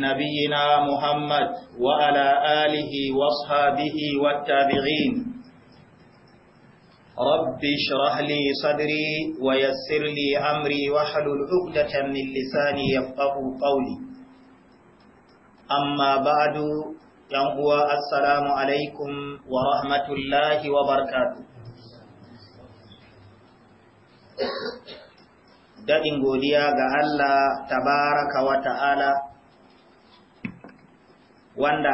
نبينا محمد وعلى آله واصحابه والتابعين رب اشرح لي صدري ويسر لي أمري واحلل عقدة من لساني يفقه قولي أما بعد ينقوى السلام عليكم ورحمة الله وبركاته daɗin godiya ga Allah tabaraka wa ta'ala wanda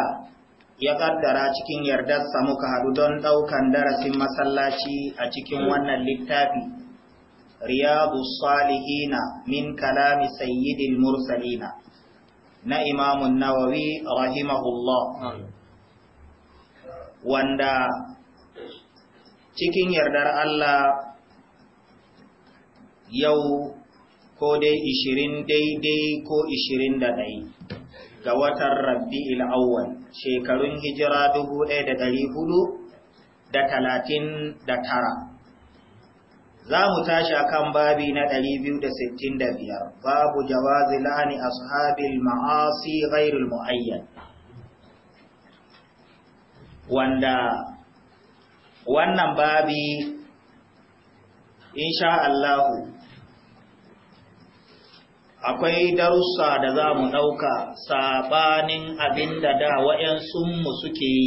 ya kaddara cikin yardarsa muka haɗu don ɗaukan darasin masallaci a cikin wannan littafi riyadu salihina min kalami Sayyidin mursalina na imamun nawawi rahimahullah wanda cikin yardar Allah yau ko dai ishirin daidai ko ishirin da ɗai ga watan Rabi'il Awwal shekarun hijira ɗaya da talatin tara, za mu tashi a kan babi na ɗari biyar, babu jawazi la'ani ashabil ma'asi ghairul muayyan wanda wannan babi insha Allahu akwai darussa da za mu ɗauka saɓanin abin da da wa'yansunmu suke yi.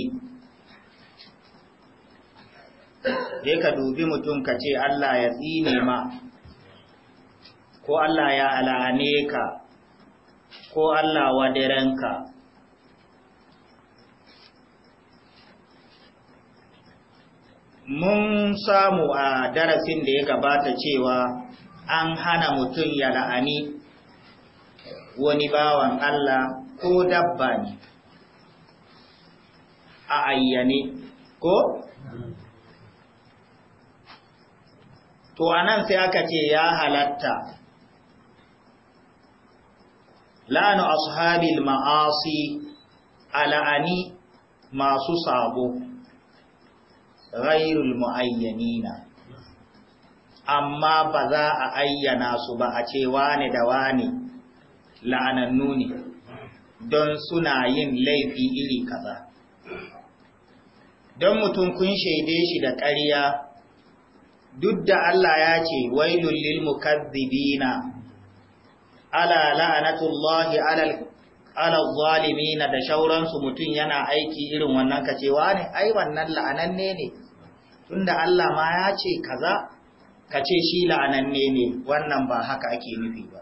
Dai ka dubi mutum ka ce Allah ya tsine ma, ko Allah ya alane ka, ko Allah wadiranka. Mun samu a darasin da ya gabata cewa an hana mutum ya la'ani wani bawan Allah ko dabba ne a ayyane ko? To a nan sai aka ce ya halatta la'anu ashabil ma'asi ala'ani masu sabo ghairul mu'ayyanina amma ba za a ayyana su ba a ce wane da wane la'anannu ne don suna yin laifi iri kaza don mutum kun shaide shi da ƙarya duk da Allah ya ce wailul lil mukazzibina ala la'anatullahi ala ala zalimina da shauransu mutum yana aiki irin wannan kacewa ne ai wannan la'ananne ne tunda Allah ma ya ce kaza kace shi la'ananne ne wannan ba haka ake nufi ba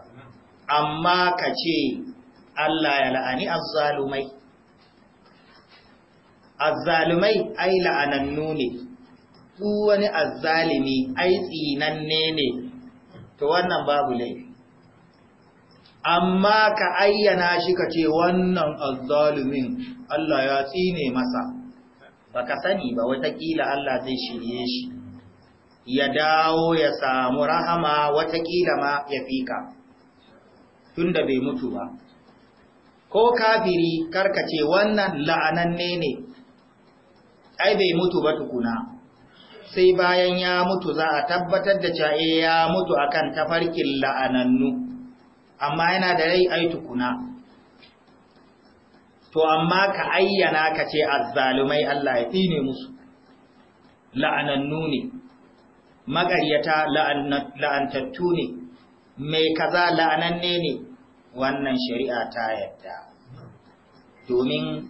amma ka ce Allah ya la'ani azzalumai azzalumai ai la'anannu ne ku wani azzalimi ai tsinanne ne to wannan babu laifi amma ka ayyana shi ka ce wannan azzalumin Allah ya tsine masa Ba ka sani ba watakila Allah zai shirye shi ya dawo ya samu rahama watakila ma ya fika tunda bai mutu ba ko kafiri karkace wannan la'ananne ne ai bai mutu ba tukuna sai bayan ya mutu za a tabbatar da ca'e eh, ya mutu akan tafarkin la'anannu amma yana da rai ai tukuna to amma ka ayyana ka ce azzalumai Allah ya tsine musu la'anannu ne maƙaryata la'antattu ne mai kaza la'ananne ne wannan shari'a ta yadda domin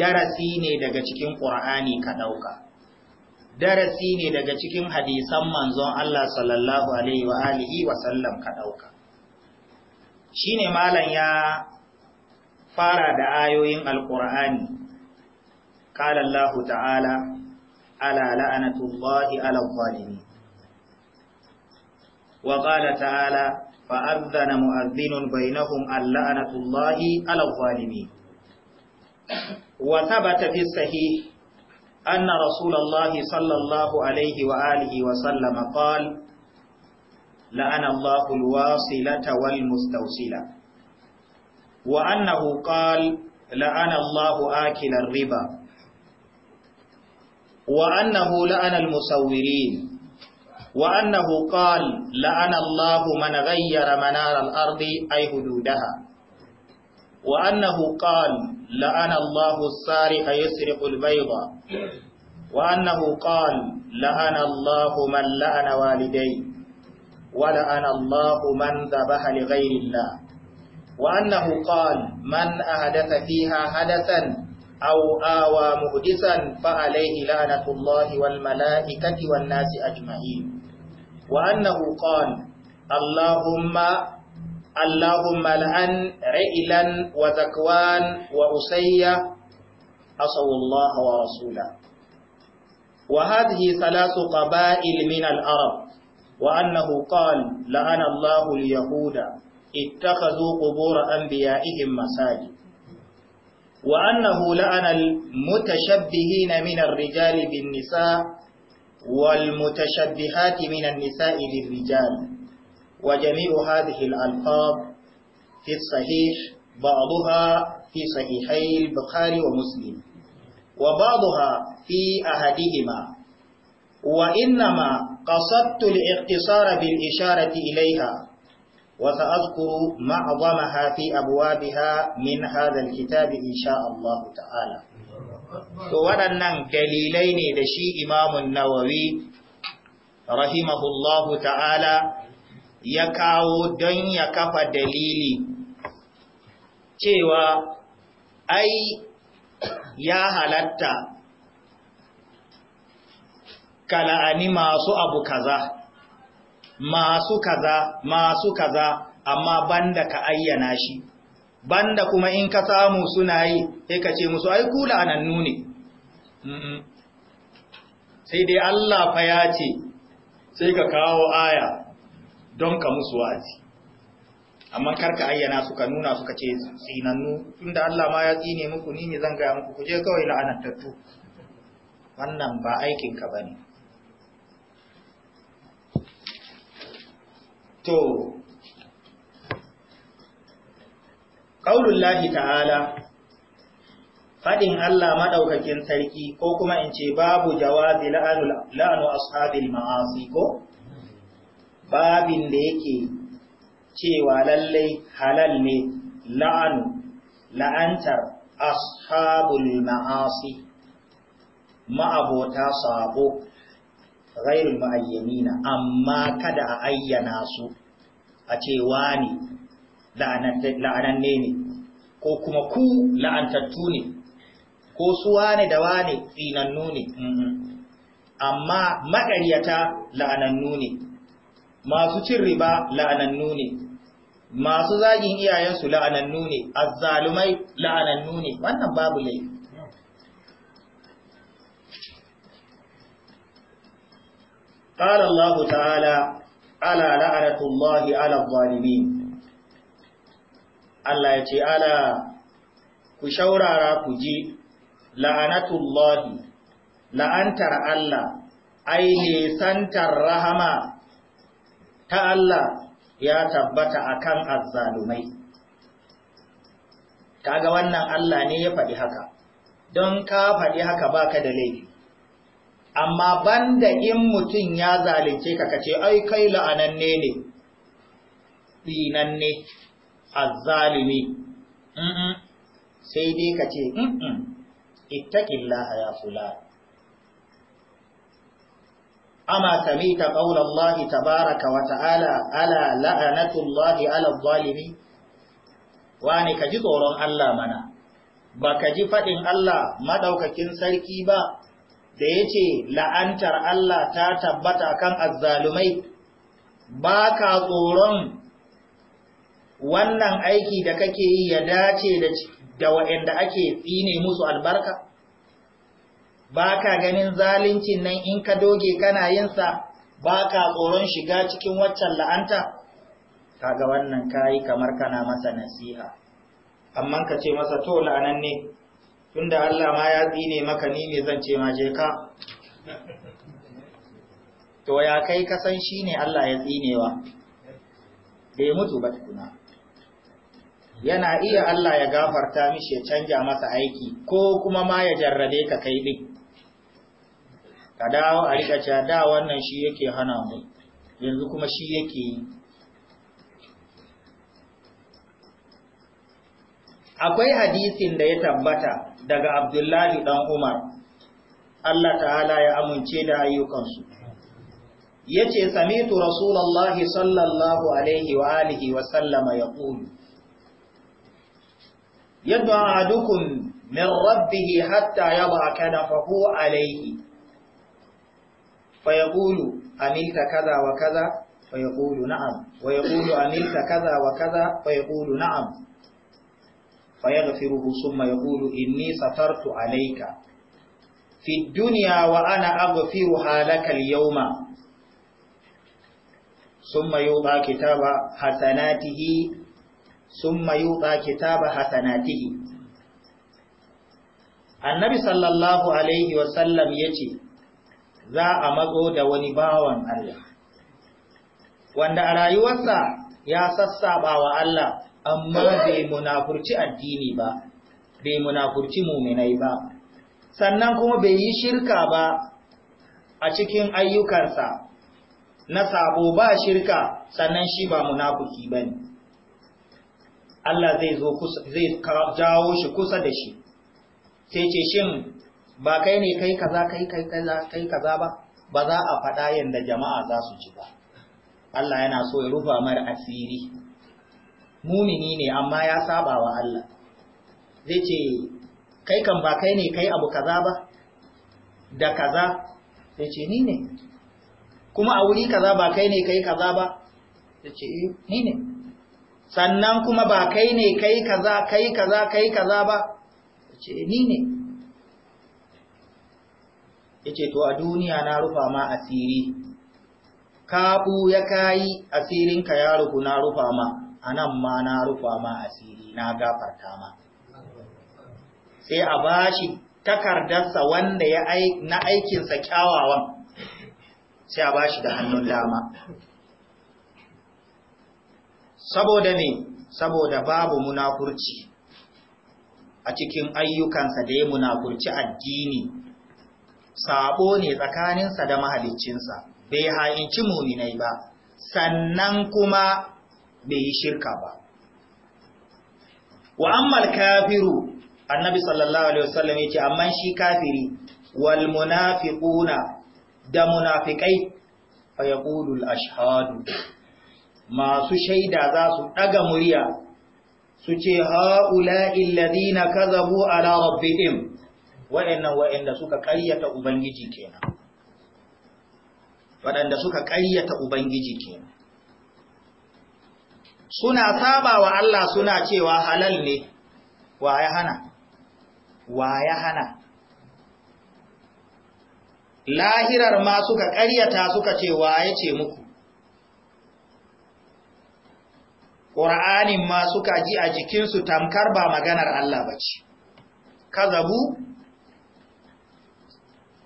darasi ne daga cikin ƙur'ani ka ɗauka darasi ne daga cikin hadisan manzon Allah sallallahu alaihi wa alihi wa sallam ka ɗauka shine malam ya fara da ayoyin alƙur'ani قال الله تعالى ألا لعنة الله على الظالمين وقال تعالى فأذن مؤذن بينهم اللعنة الله على الظالمين وثبت في الصحيح أن رسول الله صلى الله عليه وآله وسلم قال لعن الله الواصلة والمستوصلة وأنه قال لعن الله آكل الربا وأنه لعن المصورين وأنه قال لأن الله من غير منار الأرض أي حدودها وأنه قال لأن الله السارق يسرق البيضة وأنه قال لأن الله من لأن والدي ولأن الله من ذبح لغير الله وأنه قال من أحدث فيها حدثا أو آوى مهدسا فعليه لعنة الله والملائكة والناس أجمعين وأنه قال اللهم اللهم لأن عئلا وذكوان وأسيا أصوا الله ورسوله وهذه ثلاث قبائل من العرب وأنه قال لأن الله اليهود اتخذوا قبور أنبيائهم مساجد وأنه لأن المتشبهين من الرجال بالنساء والمتشبهات من النساء للرجال وجميع هذه الألفاظ في الصحيح بعضها في صحيحي البخاري ومسلم وبعضها في أحدهما وإنما قصدت الاقتصار بالإشارة إليها وسأذكر معظمها في أبوابها من هذا الكتاب إن شاء الله تعالى to waɗannan dalilai ne da shi imamun nawawi rahimahullahu ta'ala ya kawo don ya kafa dalili cewa ai ya halatta kala'ani masu abu kaza masu kaza masu kaza amma banda ka ayyana shi banda kuma in ka samu suna yi sai ka ce musu ai kula anannu ne sai dai Allah fa ya ce sai ka kawo aya don ka musu wa'azi amma karka ayyana suka nuna suka ce tsinannu tunda Allah ma ya tsine muku ni ne zan ga muku kuje je kawai la'anantattu wannan ba aikin ka bane to ƙaunullahi ta'ala faɗin Allah maɗaukakin sarki ko kuma in ce babu jawazi la'anu ashabil ma'asi ko babin da yake cewa lallai halal ne la'anu la'antar ashabul ma'asi ma'abota sabo ghairul na. amma kada a ayyana su a ce ne la'ananne ne ko kuma ku la'antattu ne ko su wane da wane tsinannu ne amma maƙaryata la'anannu ne masu cin riba la'anannu ne masu zagin iyayensu la'anannu ne azzalumai la'anannu ne wannan babu laifi قال الله تعالى ألا لعنة الله على الظالمين Allah ya ce ala ku shaurara ku ji la'anatullahi la'antar Allah ai santar rahama ta Allah ya tabbata a kan azzalumai kaga wannan Allah ne ya faɗi haka don ka faɗi haka baka da laifi amma banda in mutum ya zalunce ka kace ai kai la'ananne ne tsinanne azzalimi sai dai ka ce ittaqillaha ya fulan أما سميت قول الله تبارك وتعالى ألا لعنة الله على Wani ka ji tsoron Allah mana baka ji fadin Allah madaukakin sarki ba da yace la'antar Allah ta tabbata kan azzalumai baka tsoron wannan aiki da kake yi ya dace da da waɗanda ake tsine musu albarka ba ka ganin zalincin nan in ka doge kana yinsa ba ka tsoron shiga cikin waccan la'anta kaga wannan kai kamar kana masa nasiha amma ka ce masa to la'anan ne tunda Allah ma ya tsine maka ni ne zan ce ma je ka to ya kai kasan shine Allah ya tsinewa bai mutu ba tukuna yana iya Allah ya gafarta mishi ya canja masa aiki ko kuma ma ya jarrabe ka kai ɗin ka dawo a rika cewa da wannan shi yake hana mu yanzu kuma shi yake akwai hadisin da ya tabbata daga abdullahi Dan umar Allah ta'ala ya amince da ayyukansu ya ce samitu rasulallah sallallahu alaihi wa alihi wa sallama ya ƙulu yadda ahadukum min rabbihi hatta yaba kanafahu alayhi fa yaqulu amilta kaza wa kaza fa na'am wa yaqulu kaza wa kaza fa yaqulu na'am fa yaghfiruhu thumma yaqulu inni satartu alayka fi dunya wa ana aghfiruha laka al-yawma ثم ba kitaba حسناته Sun yuqa kitaba hasanatihi annabi sallallahu alaihi wasallam yace za a mago da wani bawan Allah wanda a rayuwarsa ya sassaba wa Allah amma bai munafurci addini ba bai munafurci muminai ba sannan kuma bai yi shirka ba a cikin ayyukansa na saɓo ba shirka sannan shi ba munafuki bane Allah zai zo zai jawo shi kusa da shi sai ce shin ba kai ne kai kaza kai kai kaza kai kaza ba ba za a faɗa yadda jama'a za su ji ba Allah yana so ya rufa mar asiri mumini ne amma ya saba wa Allah zai ce kai kan ba kai ne kai abu kaza ba da kaza sai ce ni ne kuma a wuri kaza ba kai ne kai kaza ba sai ce eh, ni ne sannan kuma ba kai ne kai kaza kai kaza kai kaza ba ce eh, ni ne yace to a duniya na rufa ma asiri Kaɓu ya kai asirin ka ya rufu na rufa ma anan ma na rufa ma asiri na gafarta ma sai a bashi takardarsa wanda ya na aikinsa kyawawan sai a bashi da hannun dama saboda ne saboda babu munafurci a cikin ayyukansa da ya munafurci addini sabo ne tsakaninsa da mahaliccinsa bai ha'inci muminai ba sannan kuma bai yi shirka ba wa ammal kafiru annabi sallallahu alaihi wasallam yace amma shi kafiri wal munafiquna da munafiqai fa yaqulu al ashhadu masu shaida za su ɗaga murya su ce ha'ula illadina kazabu ala rabbihim wa'annan wa'anda suka ƙaryata ubangiji kenan waɗanda suka ƙaryata ubangiji kenan suna saba wa Allah suna cewa halal ne wa ya hana wa ya hana lahirar ma suka ƙaryata suka ce wa ya ce muku ƙura'anin ma suka ji a jikinsu tamkar ba maganar Allah ba ce kazabu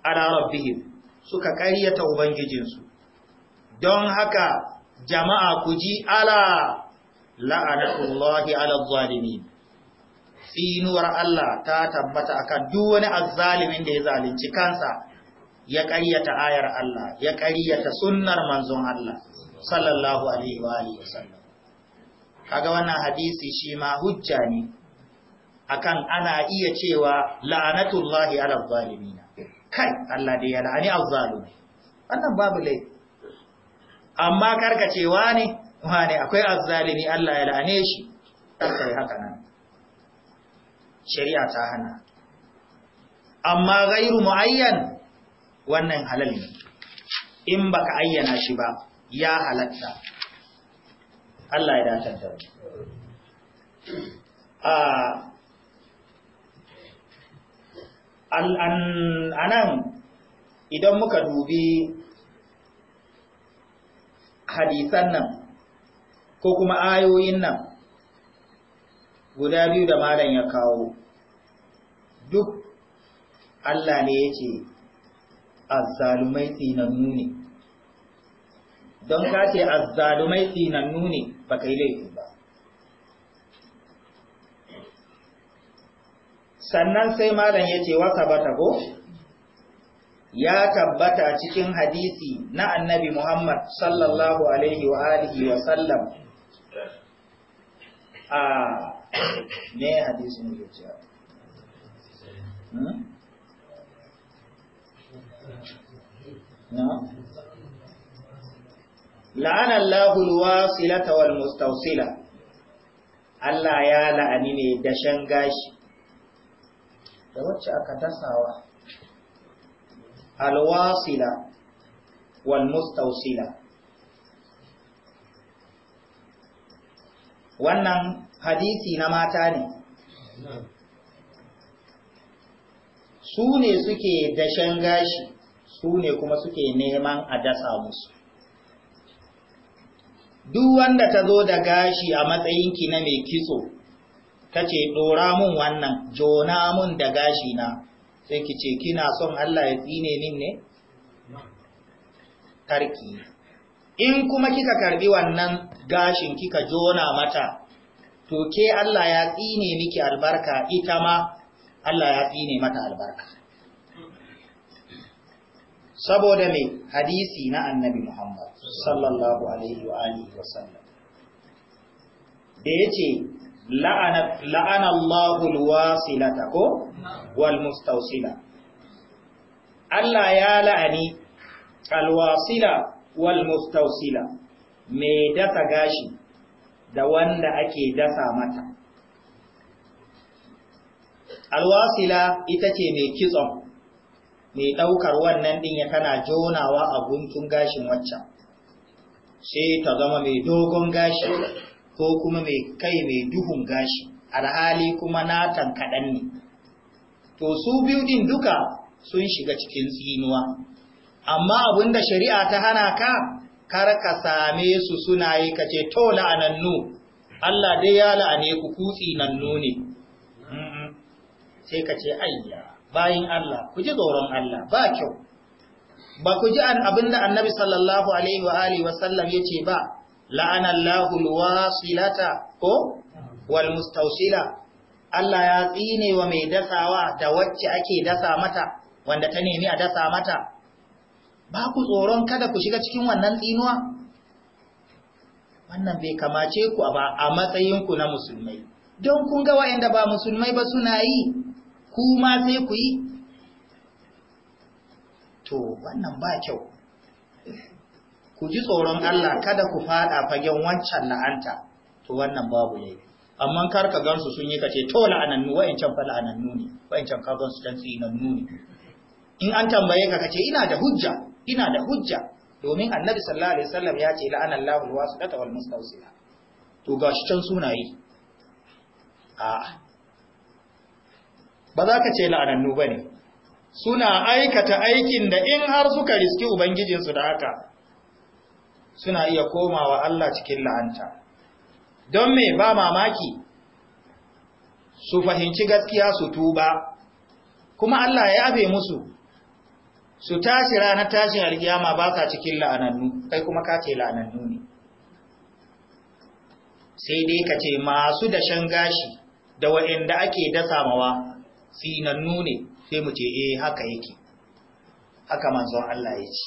ala rabbihim suka ƙaryata ubangijinsu don haka jama'a ku ji ala la'anatullahi ala zalimin tsinuwar Allah ta tabbata akan duk wani azzalimin da ya zalunci kansa ya ƙaryata ayar Allah ya ƙaryata sunnar manzon Allah sallallahu alaihi wa alihi kaga wannan hadisi shi ma hujja ne akan ana iya cewa la'anatullahi ala zalimina kai Allah da ya la'ani azzalimi wannan babu lai amma karka cewa ne wane akwai azzalimi Allah ya la'ane shi kai haka nan shari'a ta hana amma gairu muayyan wannan halal ne in baka ayyana shi ba ya halatta Allah ya dace da a anan idan muka dubi hadisan nan ko kuma ayoyin nan guda biyu da malam ya kawo duk Allah ne ya ce azzalumai tsinannu ne don ka ce azzalumai tsinannu ne ba ka yi laifi ba sannan sai malam ya ce wasa bata go ya tabbata cikin hadisi na annabi Muhammad sallallahu alaihi wa alihi wa sallam a ne hadisi ne ce hmm? na la'ana Allahul wasilata wal mustawsila Allah ya la'ani ne dashen gashi da wacce aka dasawa al wasila wal mustawsila wannan hadisi na mata ne su ne suke dashen gashi su ne kuma suke neman a dasa musu duk wanda ta zo da gashi a matsayinki na mai kitso ta ce ɗora mun wannan jona mun da gashi na sai ki ce kina son Allah ya tsine min ne? Karki. In kuma kika karbi wannan gashin kika jona mata, to ke Allah ya tsine miki albarka ita ma Allah ya tsine mata albarka. saboda mai hadisi na annabi Muhammad sallallahu alaihi wa alihi wa sallam da yace la'ana la'ana Allahu alwasilata ko wal mustawsila Allah ya la'ani alwasila wal mustawsila mai dasa gashi da wanda ake dasa mata alwasila ita ce mai kitson mai ɗaukar wannan ɗin ya kana jonawa a guntun gashin waccan sai ta zama mai dogon gashi ko kuma mai kai mai duhun gashi alhali kuma natan kaɗan ne to su biyu ɗin duka sun shiga cikin tsinuwa amma abinda shari'a ta hana ka kar ka same su suna yi ka ce to la'anannu Allah dai ya la'ane ku kutsi ne sai ka ce ayya bayin Allah ku ji tsoron Allah ba kyau ba ku ji abinda annabi sallallahu alaihi wa alihi wa sallam yace ba la'anallahu wasilata ko wal mustawsila Allah ya tsine wa mai dasawa da wacce ake dasa mata wanda ta nemi a dasa mata ba ku tsoron kada ku shiga cikin wannan tsinuwa wannan bai kamace ku a matsayinku na musulmai don kun ga wa'anda ba musulmai ba suna yi ku ma sai ku yi to wannan ba kyau ku ji tsoron Allah kada ku fada fagen wancan la'anta to wannan babu yayi amma kar ka gansu sun yi kace to la'anannu wa'ancan fa la'anannu ne wa'ancan ka gansu dan tsinannu ne in an tambaye ka kace ina da hujja ina da hujja domin annabi sallallahu alaihi wasallam ya ce la'anallahu alwasilata wal mustawsila to gashi can sunayi a ba za ka ce la'anannu ba ne suna aikata aikin da in har suka riski ubangijinsu da haka suna iya komawa Allah cikin la'anta don me ba mamaki su fahimci gaskiya su tuba kuma Allah ya abe musu su tashi ranar tashin alkiyama ba sa cikin la'anannu kai kuma ka ce la'anannu ne sai dai ka ce masu dashen gashi da waɗanda ake dasa mawa tsinannu ne sai mu ce eh haka yake haka manzon Allah ya ce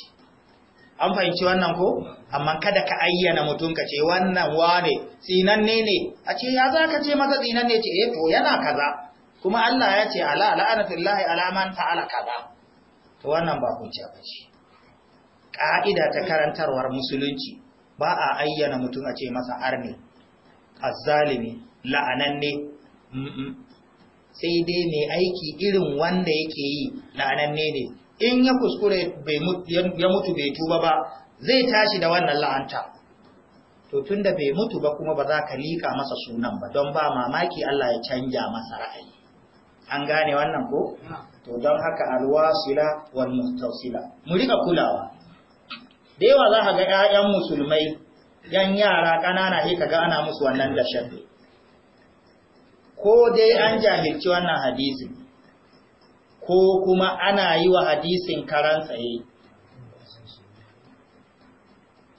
an fahimci wannan ko amma kada ka ayyana mutum ka ce wannan wane sinanne ne a ce ya za ka ce masa sinanne ce eh to yana kaza kuma Allah ya ce ala la'anatullahi ala man fa'ala kaza to wannan ba hujja ce. ka'ida ta karantarwar musulunci ba a ayyana mutum a ce masa arni azzalimi la'ananne sai dai mai aiki irin wanda yake yi la'ananne ne in ya kuskure ya mutu bai tuba ba zai tashi da wannan la'anta to tunda bai mutu ba kuma ba za ka liƙa masa sunan ba don ba mamaki Allah ya canja masa ra'ayi an gane wannan ko to don haka alwasila wal muhtasila mu rika kulawa da yawa za ka ga ƴaƴan musulmai yan yara ƙanana sai ka ga ana musu wannan da shaddu ko dai an jahilci wannan hadisin ko kuma ana yi wa hadisin karan tsaye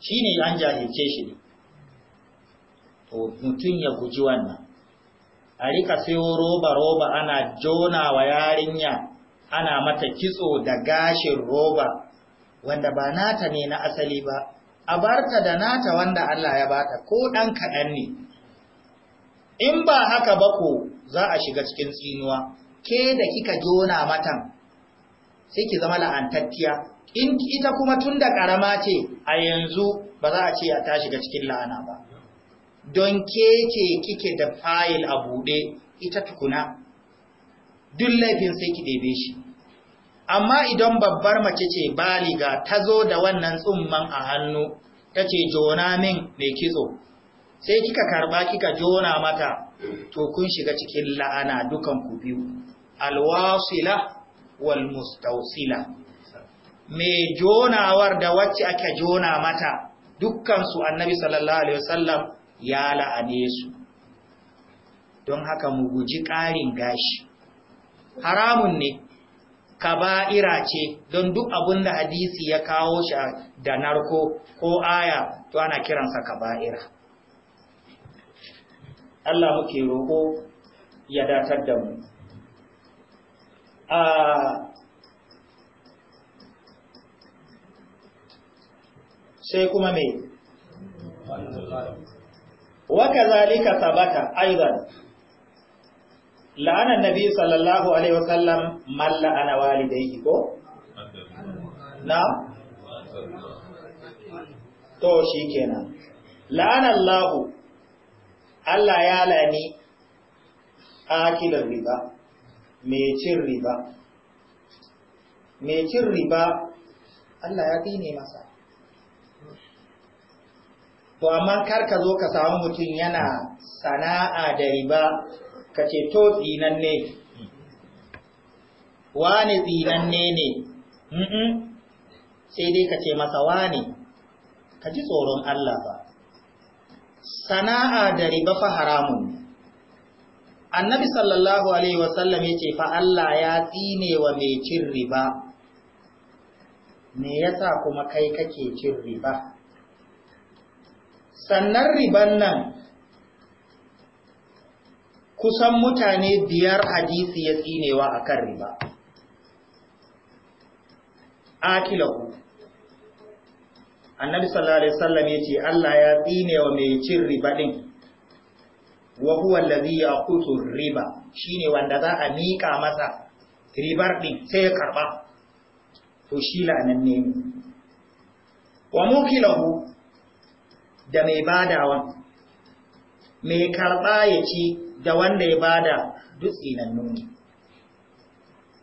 shi ne an jahilce shi ne to mutum ya guji wannan a rika sayo roba-roba ana jona wa yarinya ana mata kitso da gashin roba wanda ba nata ne na asali ba a barta da nata wanda Allah ya bata ko ɗan kaɗan ne in ba haka ba ko za a shiga cikin tsinuwa ke da kika jona matan sai ki zama la'antattiya in ita kuma tun da ƙarama ce a yanzu ba za a ce a ta shiga cikin la'ana ba don ke ce kike da fayil a buɗe ita tukuna duk laifin sai ki ɗebe shi amma idan babbar mace ce baliga ta zo da wannan tsumman a hannu ta ce jona min mai kitso sai kika karba kika jona mata to kun shiga cikin la'ana dukan ku biyu alwasila wal mustausila me jonawar da wacce aka jona mata dukkan su annabi sallallahu alaihi wasallam ya la'ane su don haka mu guji ƙarin gashi haramun ne kaba'ira ce don duk abin da hadisi ya kawo shi da narko ko aya to ana kiransa kaba'ira Allah muke roƙo ya datar da mu. Ah, sai kuma me? Waka zalika sabata aizan, la'anar Nabi sallallahu Alaihi wasallam malla ana walidai ko? Na? To shi kenan. La'anar Allahu Allah ya lani akilar riba mai cin riba mai cin riba Allah ya ne masa to amma kar ka zo ka samu mutum yana sana'a da riba ka ce to tsinanne wane tsinanne ne sai dai ka ce masa wane ka ji tsoron Allah ba sana'a da riba fa haramun annabi sallallahu alaihi wasallam ya ce fa Allah ya tsine wa mai cin riba me yasa kuma kai kake cin riba sannan riban nan kusan mutane biyar hadisi ya tsinewa akan riba akilahu annabi sallallahu alaihi wasallam yace Allah ya tsine wa mai cin riba din wa huwa allazi yaqutu riba shine wanda za a mika masa ribar din sai ya karba to shi lanan ne wa mukilahu da mai badawa mai karba ya ci da wanda ya bada dutse nan nuni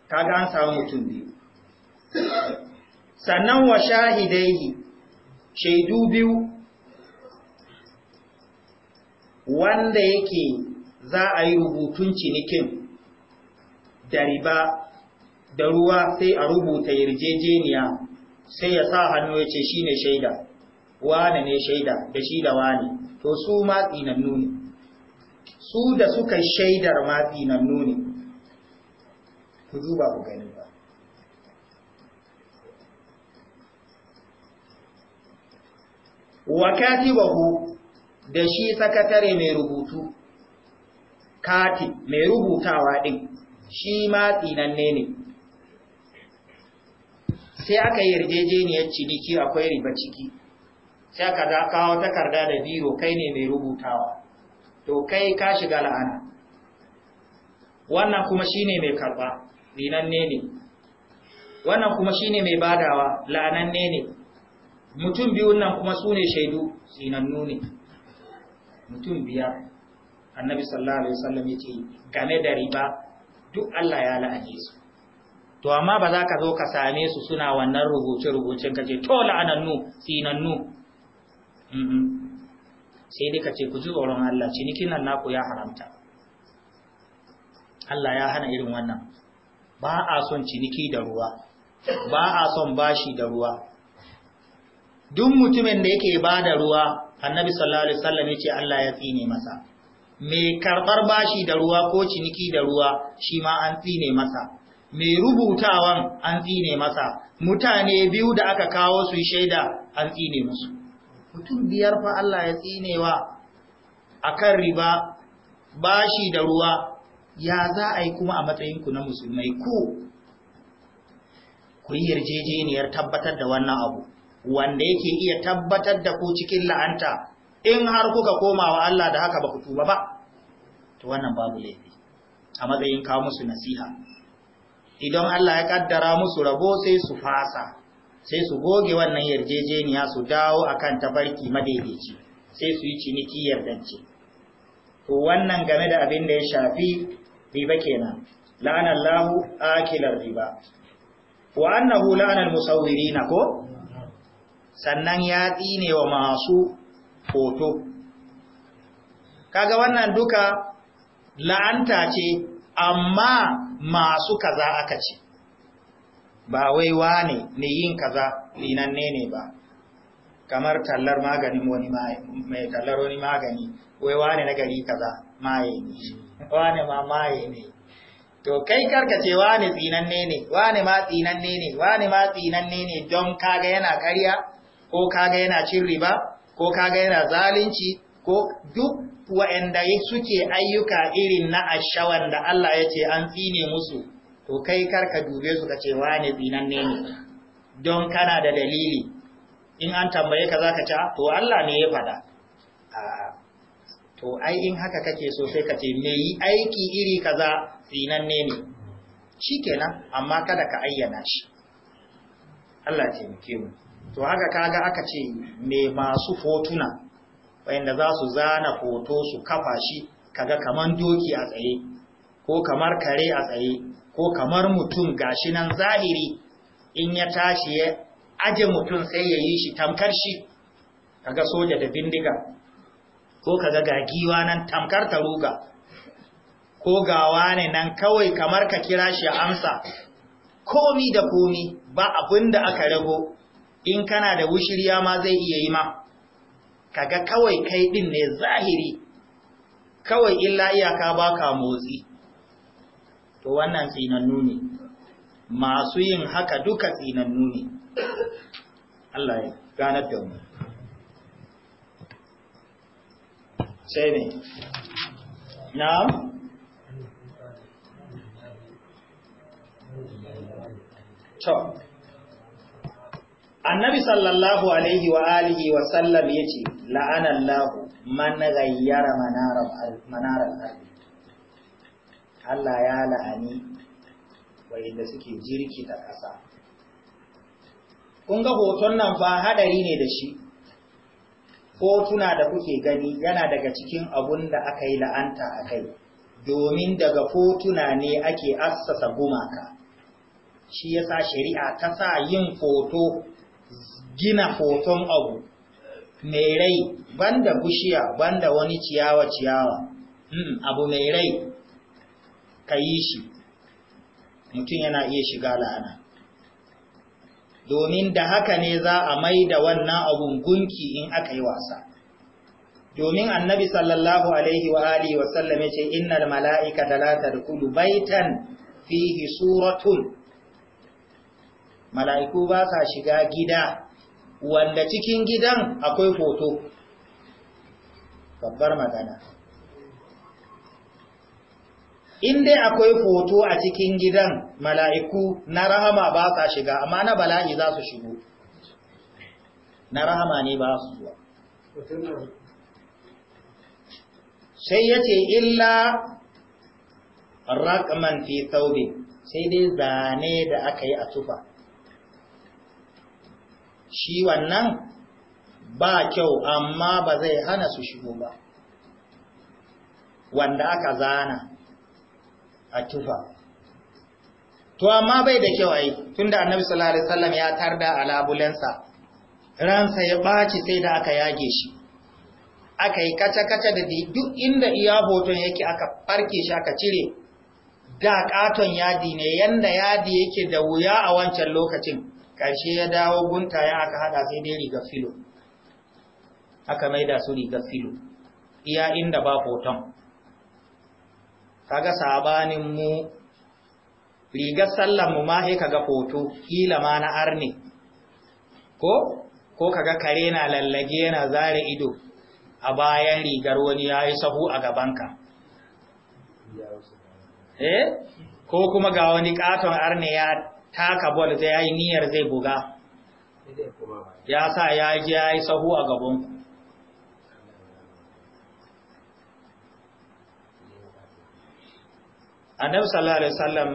kaga an samu mutum biyu sannan wa shahidaihi shaidu biyu wanda yake za a yi rubutun cinikin da riba da ruwa sai a rubuta yarjejeniya sai ya sa hannu ya ce shi ne shaida wane ne shaida da shi da wane to su matsinannu ne su da suka shaidar matsinannu ne ku zuba ku gani ba wa katibahu da shi sakatare mai rubutu kati mai rubutawa din shi ma tsinanne ne sai aka yi yarjejeniyar ciniki akwai riba ciki sai aka za kawo takarda da biro kai ne mai rubutawa to kai ka shiga la'ana wannan kuma shine mai karba rinanne ne wannan kuma shine mai badawa la'ananne ne mutum biyun nan kuma su ne shaidu tsinannu ne mutum biyar annabi sallallahu alaihi wasallam ya ce game da riba duk Allah ya la'aje su to amma ba za ka zo ka same su suna wannan rubuce-rubucen ka ce to la'anannu tsinannu sai dai ka ce ku ji tsoron Allah Ciniki nan naku ya haramta Allah ya hana irin wannan ba a son ciniki da ruwa ba a son bashi da ruwa duk mutumin da yake ba da ruwa annabi sallallahu alaihi wasallam ya ce Allah ya tsine masa mai karbar bashi da ruwa ko ciniki da ruwa shi ma an tsine masa mai rubutawan an tsine masa mutane biyu da aka kawo su shaida an tsine musu mutum biyar fa Allah ya tsinewa akan riba bashi da ruwa ya za a yi kuma a matsayin ku na musulmai ko ku yi yarjejeniyar tabbatar da wannan abu wanda yake iya tabbatar da ku cikin la'anta in har kuka koma wa Allah da haka ba ku tuba ba to wannan babu laifi a matsayin kawo musu nasiha idan Allah ya kaddara musu rabo sai su fasa sai su goge wannan yarjejeniya su dawo akan tafarki madaidaici sai su yi ciniki yardance to wannan game da abin da ya shafi riba kenan la'anallahu akilar riba wa annahu la'anal musawwirina ko sannan ya tsine wa masu hoto kaga wannan duka la'anta ce amma masu kaza aka ce ba wai wane ne yin kaza linanne ne ba kamar tallar maganin wani mai tallar wani magani wai wane na gari kaza maye ne wane ma maye ne to kai karkace wane tsinanne ne wane ma tsinanne ne wane ma tsinanne ne don kaga yana ƙarya ko kaga yana cin riba ko kaga yana zalunci ko duk waɗanda suke ayyuka irin na ashawan da Allah ya ce an tsine musu to kai karka dube su ka ce wane tsinanne ne don kana da dalili in an tambaye ka zaka ce ah, to Allah ne ya faɗa to ai in haka kake so sai ka ce me yi aiki iri kaza tsinanne ne shikenan amma kada ka ayyana shi Allah ya taimake mu to haka kaga aka ce me masu fotuna wanda za su zana foto su kafa shi kaga kamar doki a tsaye ko kamar kare a tsaye ko kamar mutum gashi nan zahiri in ya tashi ya aje mutum sai ya yi shi tamkar shi kaga soja da bindiga ko kaga ga giwa nan tamkar ta ruga ko gawa ne nan kawai kamar ka kira shi amsa komi da komi ba abin da aka rago in kana da wushiriya ma zai iya yi ma kaga kawai kai din ne zahiri kawai illa iyaka baka motsi to wannan tsinannu ne masu yin haka duka tsinannu ne Allah ya ganar da mu sai ne annabi sallallahu alaihi wa alihi wa sallam yace la'anallahu man ghayyara manara manara Allah ya la'ani wayanda suke da ƙasa kun ga hoton nan ba hadari ne da shi hotuna da kuke gani yana daga cikin abun da aka yi la'anta a kai domin daga hotuna ne ake assasa gumaka shi yasa shari'a ta sa yin hoto. gina hoton abu mai rai banda bushiya banda wani ciyawa ciyawa hmm, abu mai rai ka yi shi mutum yana iya shiga la'ana domin da haka ne za a mai da wannan abun gunki in aka yi wasa domin annabi sallallahu alaihi wa alihi wa sallam yace innal mala'ika la tadkhulu baitan fihi suratun mala'iku ba sa shiga gida wanda cikin gidan akwai hoto babbar magana in dai akwai hoto a cikin gidan mala'iku na rahama ba sa shiga amma na bala'i za su shigo na rahama ne ba su zuwa sai ya ce illa rakman fi taube sai dai zane da aka yi a tufa shi wannan ba kyau amma ba zai hana su shigo ba wanda aka zana a tufa to amma bai da kyau ai tunda annabi sallallahu alaihi wasallam ya tarda alabulansa ransa ya baci sai da aka yage shi aka yi kaca-kaca da duk inda iya hoton yake aka farke shi aka cire da katon yadi ne yanda yadi yake da wuya a wancan lokacin ƙarshe ya dawo ya aka hada sai dai riga filo aka maida su riga filo iya inda ba hoton kaga sabanin mu rigar sallar mu ma sai kaga hoto kila ma na arne ko ko kaga kare na lallage yana zare ido a bayan rigar wani ya yi sahu a gabanka eh ko kuma ga wani katon arne ya taka bol zai yi niyyar zai buga ya sa ya ji ya yi sahu a gabanku annabi sallallahu alaihi wasallam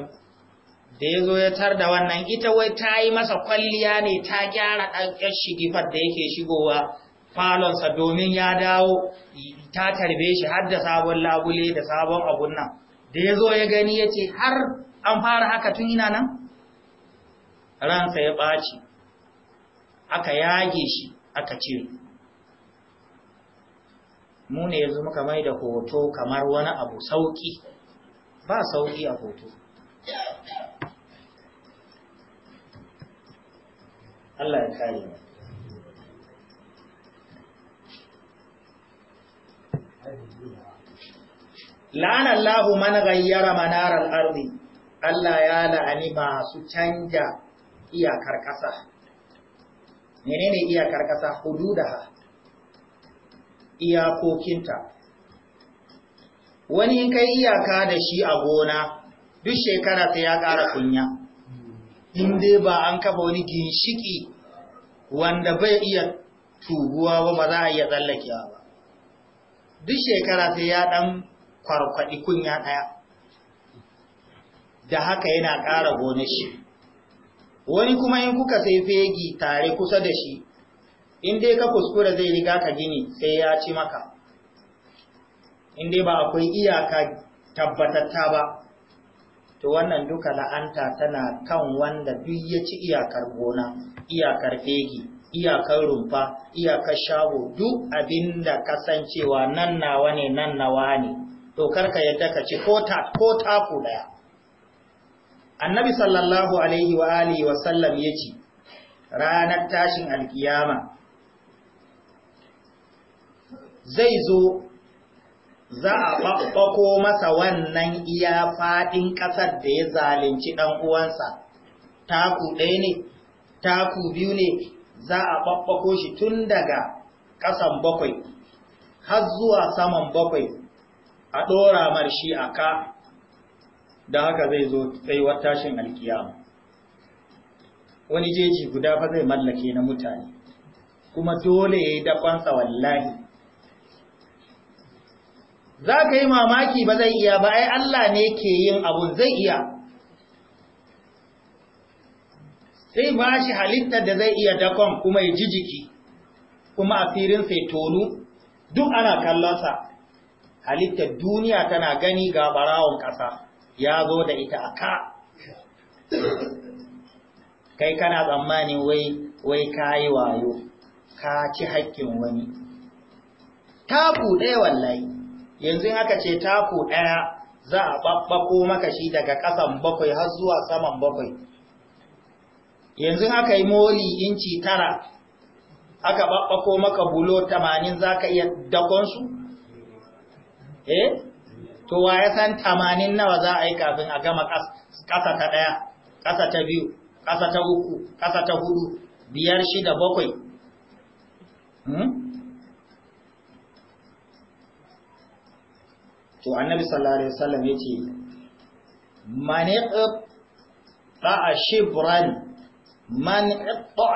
da ya zo ya tar da wannan ita wai ta yi masa kwalliya ne ta gyara ɗan shigifar da yake shigowa falonsa domin ya dawo ta tarbe shi har da sabon labule da sabon abun nan da ya ya gani ya ce har an fara haka tun ina nan? ransa ya ɓaci aka yage shi aka ce. mu ne yanzu muka mai da hoto kamar wani abu sauki ba sauki a hoto Allah ya kare mu la'ana Allahu man ghayyara manar al-ardi Allah ya la'ani masu canja iyakar ƙasa menene iyakar ƙasa hududaha iyakokinta wani in kai iyaka da shi a gona duk shekara sai ya ƙara kunya in dai ba an kafa wani ginshiki wanda bai iya tuguwa ba ba za a iya tsallakewa ba duk shekara sai ya ɗan kwarkwaɗi kunya ɗaya da haka yana ƙara gonar shi wani kuma in kuka sai fegi tare kusa da shi in dai ka kuskura zai riga ka gini sai ya ci maka in dai ba akwai iyaka tabbatatta ba to wannan duka la'anta tana kan wanda duk ya ci iyakar gona iyakar fegi iyakar rumfa iyakar shago duk abin da kasancewa nan nawa ne nan nawa ne to karka yadda ka ci ko taku daya annabi sallallahu alaihi wa alihi wa sallam yace ranar tashin alkiyama zai zo za a ɓaɓɓako masa wannan iya faɗin ƙasar da ya zalunci ɗan uwansa taku ɗaya ne taku biyu ne za a ɓaɓɓako shi tun daga ƙasan bakwai har zuwa saman bakwai a ɗora marshi shi a ka da haka zai zo tsayuwar tashin alkiyama wani jeji guda fa zai mallake na mutane kuma dole ya yi dafansa wallahi za ka yi mamaki ba zai iya ba ai Allah ne ke yin abun zai iya sai ba shi halittar da zai iya dakon kuma ya ji jiki kuma firin sai tonu duk ana kallonsa halittar duniya tana gani ga barawon ƙasa ya zo da ita a ka kai kana tsammanin wai ka yi wayo ka ci haƙƙin wani taku ɗaya wallahi yanzu aka ce taku ɗaya za a ɓaɓɓako maka shi daga ƙasan bakwai har zuwa saman bakwai yanzu aka yi moli inci tara aka ɓaɓɓako maka bulo tamanin za ka iya su? eh to wa ya san tamanin nawa za a yi kafin a gama ƙasa ta ɗaya ƙasa ta biyu ƙasa ta uku ƙasa ta hudu biyar shida bakwai hmm? to annabi sallallahu alaihi wasallam yace man ta'a shibran man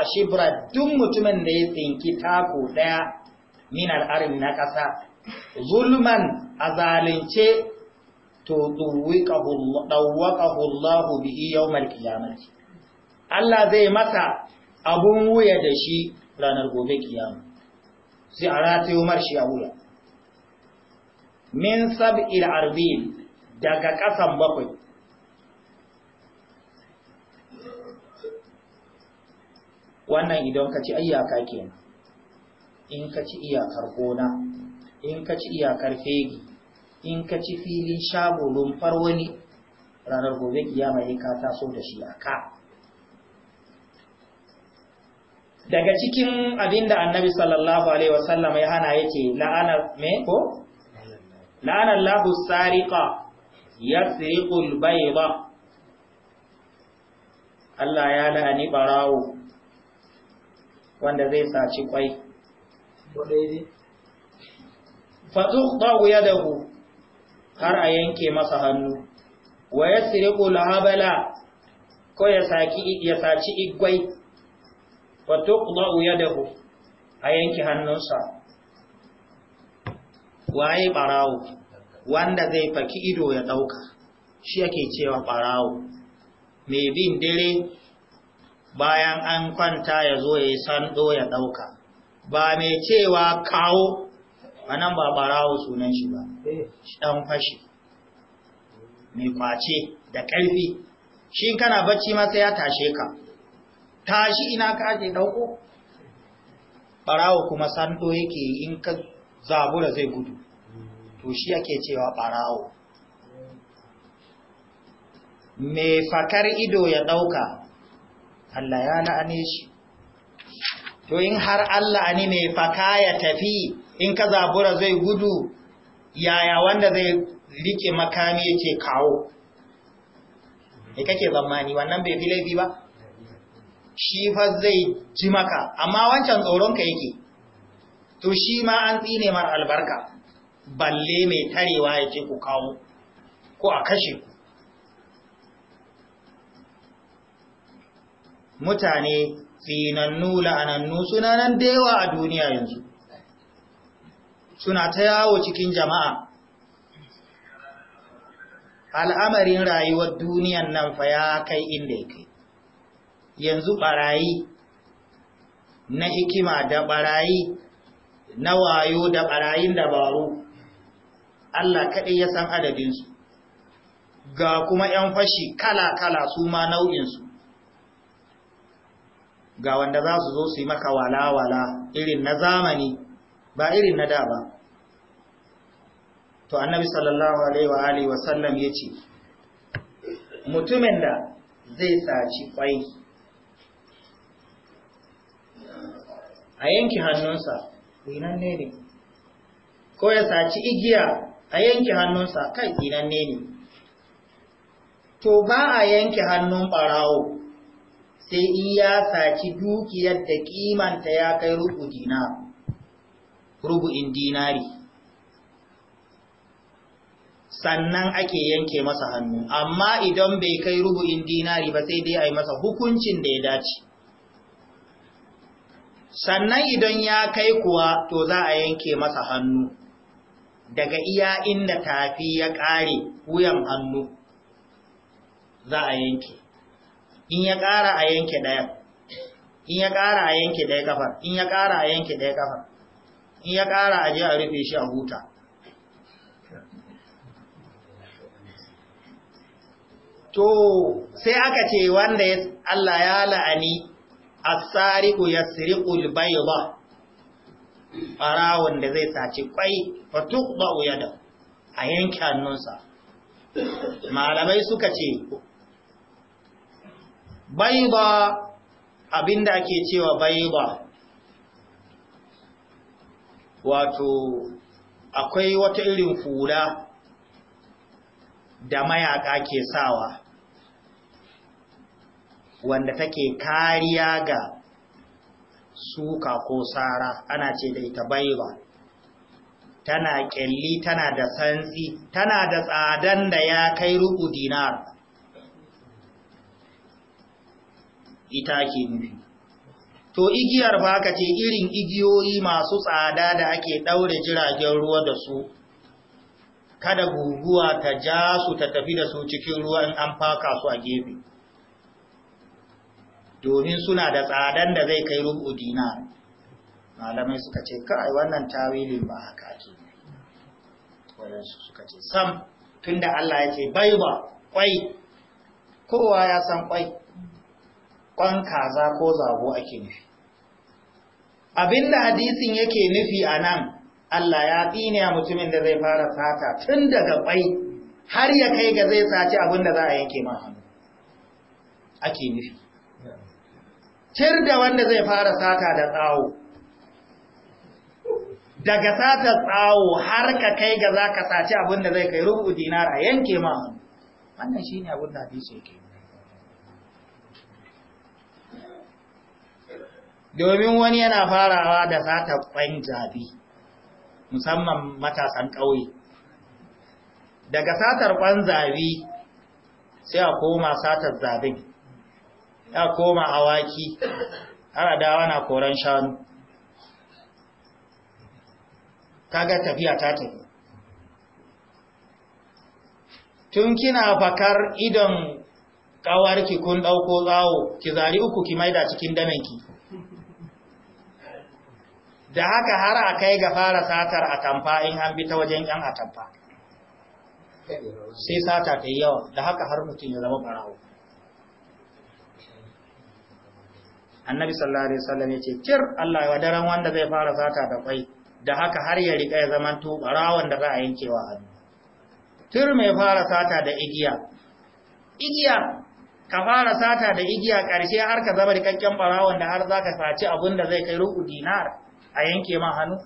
a shibra duk mutumin da ya tsinki tako daya min al'arin na kasa zulman a zalunce to ɗauwaƙahu Allahu bihi yawmal qiyamati Allah zai masa abun wuya da shi ranar gobe kiyama sai a ratayo marshi a wuya min sab'il ardil daga ƙasan bakwai wannan idan ka ci ayyaka kenan in ka ci iyakar gona in ka ci iyakar fegi in ka ci filin shago rumfar wani ranar gobe kiyama yi ka taso da shi a ka daga cikin abinda annabi sallallahu alaihi wasallam ya hana yake la'ana me ko la'ana Allahu sariqa yasriqu albayda Allah ya la'ani barawo wanda zai saci kwai fatuqta'u yadahu har a yanke masa hannu wa yasriqu lahabala ko ya saki ya saci igwai fatuqta'u dahu, a yanke hannunsa waye ɓarawo? wanda zai faki ido ya ɗauka, shi yake cewa barawo mai bin dare bayan an kwanta ya zo ya yi sando ya ɗauka. ba mai cewa kawo a nan ba barawo sunan shi ba eh. shi ɗan fashi mai kwace da ƙarfi shi kana bacci masa ya tashe ka tashi ina ka ake ɗauko barawo kuma santo yake in ka zabura zai gudu to shi yake cewa barawo mai fakar ido ya ɗauka Allah ya la'ane shi to in har Allah ne mai faka ya tafi in ka zabura zai gudu yaya wanda zai rike makami yake kawo da kake zamani wannan bai fi laifi ba shi fa zai ji maka amma wancan tsoronka yake to shi ma an tsine mar albarka balle mai tarewa ya ce ku kawo ko a kashe ku mutane tsinannu la'anannu suna nan a duniya yanzu suna ta yawo cikin jama'a al'amarin rayuwar duniyan nan fa ya kai inda ya kai yanzu barayi na hikima da barayi na wayo da ɓarayin dabaru Allah kaɗai ya san adadinsu ga kuma ‘yan fashi kala-kala su ma nau'insu ga wanda za su zo su yi maka wala-wala irin na zamani ba irin na da ba to annabi sallallahu alaihi wa alihi wa sallam yace mutumin da zai saci kwai a yanki hannunsa tsinan ne ne ko ya saci igiya a yanki hannunsa kai tsinan ne ne to ba a yanki hannun barawo sai iya saci dukiyar da kimanta ya kai rubu dinar rubu'in dinari sannan ake yanke masa hannu amma idan bai kai rubu'in dinari ba sai dai a yi masa hukuncin da ya dace sannan idan ya kai kuwa to za a yanke masa hannu daga iya inda tafi ya ƙare wuyan hannu za a yanke in ya ƙara a yanke ɗaya in ya ƙara a yanke ɗaya kafar in ya ƙara a yanke ɗaya kafar in ya ƙara aje a rufe shi a huta to sai aka ce wanda Allah ya la'ani as-sariqu yasriqu al-bayda farawun da zai saci kwai fa tuqba yada a yanke hannunsa malamai suka ce bayda abinda ake cewa bayda wato akwai wata irin fura da mayaka ke sawa wanda take kariya ga suka ko sara ana ce da ita baiwa tana kyalli tana da santsi tana da tsadan da ya kai rubu dinar ita ke nufi to igiyar ba ka ce irin igiyoyi masu tsada da ake ɗaure jiragen ruwa da su kada guguwa ta ja su ta tafi da su cikin ruwa in an faka su a gefe domin suna da tsadan da zai kai rubu dina, malamai suka ce kai wannan tawilin ba haka ce. wadansu suka ce sam tunda Allah ya ce bai ba kwai kowa ya san kwai kwan kaza ko zago ake nufi abinda hadisin yake nufi a nan Allah ya tsine mutumin da zai fara sata tun daga ƙwai har ya kai ga zai saci abinda za a yanke ma hannu ake nufi cir da wanda zai fara sata da tsawo daga sata tsawo har ka kai ga za ka saci abinda zai kai rubu dinar a yanke ma hannu wannan shi ne abin da hadisi yake domin wani yana farawa da ta ƙwan jabi musamman matasan ƙauye daga satar ƙwan zabi sai a koma satar zabin a koma awaki har dawa na koran shanu kaga tafiya ta tafi tun kina bakar idon ƙawarki kun ɗauko tsawo ki zari uku ki maida cikin daminki da haka har a kai ga fara satar atamfa in an bi ta wajen yan atamfa sai sata ta yi yawa da haka har mutum ya zama barawo annabi sallallahu alaihi wasallam yace kir Allah ya daren wanda zai fara sata da kwai da haka har ya rika ya zaman to barawon da za a yankewa hannu tur mai fara sata da igiya igiya ka fara sata da igiya karshe har ka zama rikakken barawon da har zaka saci abin da zai kai ruku dinar a yanke man hannu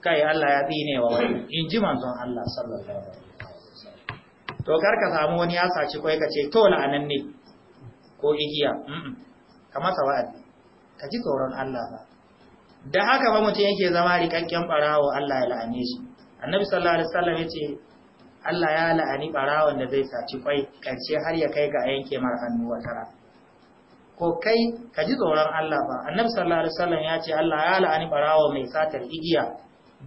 kai Allah ya tsine wa wani in ji manzon Allah sallallahu alaihi wasallam to kar ka samu wani ya saci kai ka ce to la'anan ne ko igiya ka masa wa'azi ka ji tsoron Allah ba da haka ba mutum yake zama rikakken barawo Allah ya la'ane shi annabi sallallahu alaihi wasallam yace Allah ya la'ani barawon da zai saci kwai karshe har ya kai ga yanke mar hannu wata rana ko kai ka ji tsoron Allah ba annabi sallallahu alaihi wasallam ya ce Allah ya la'ani barawo mai satar igiya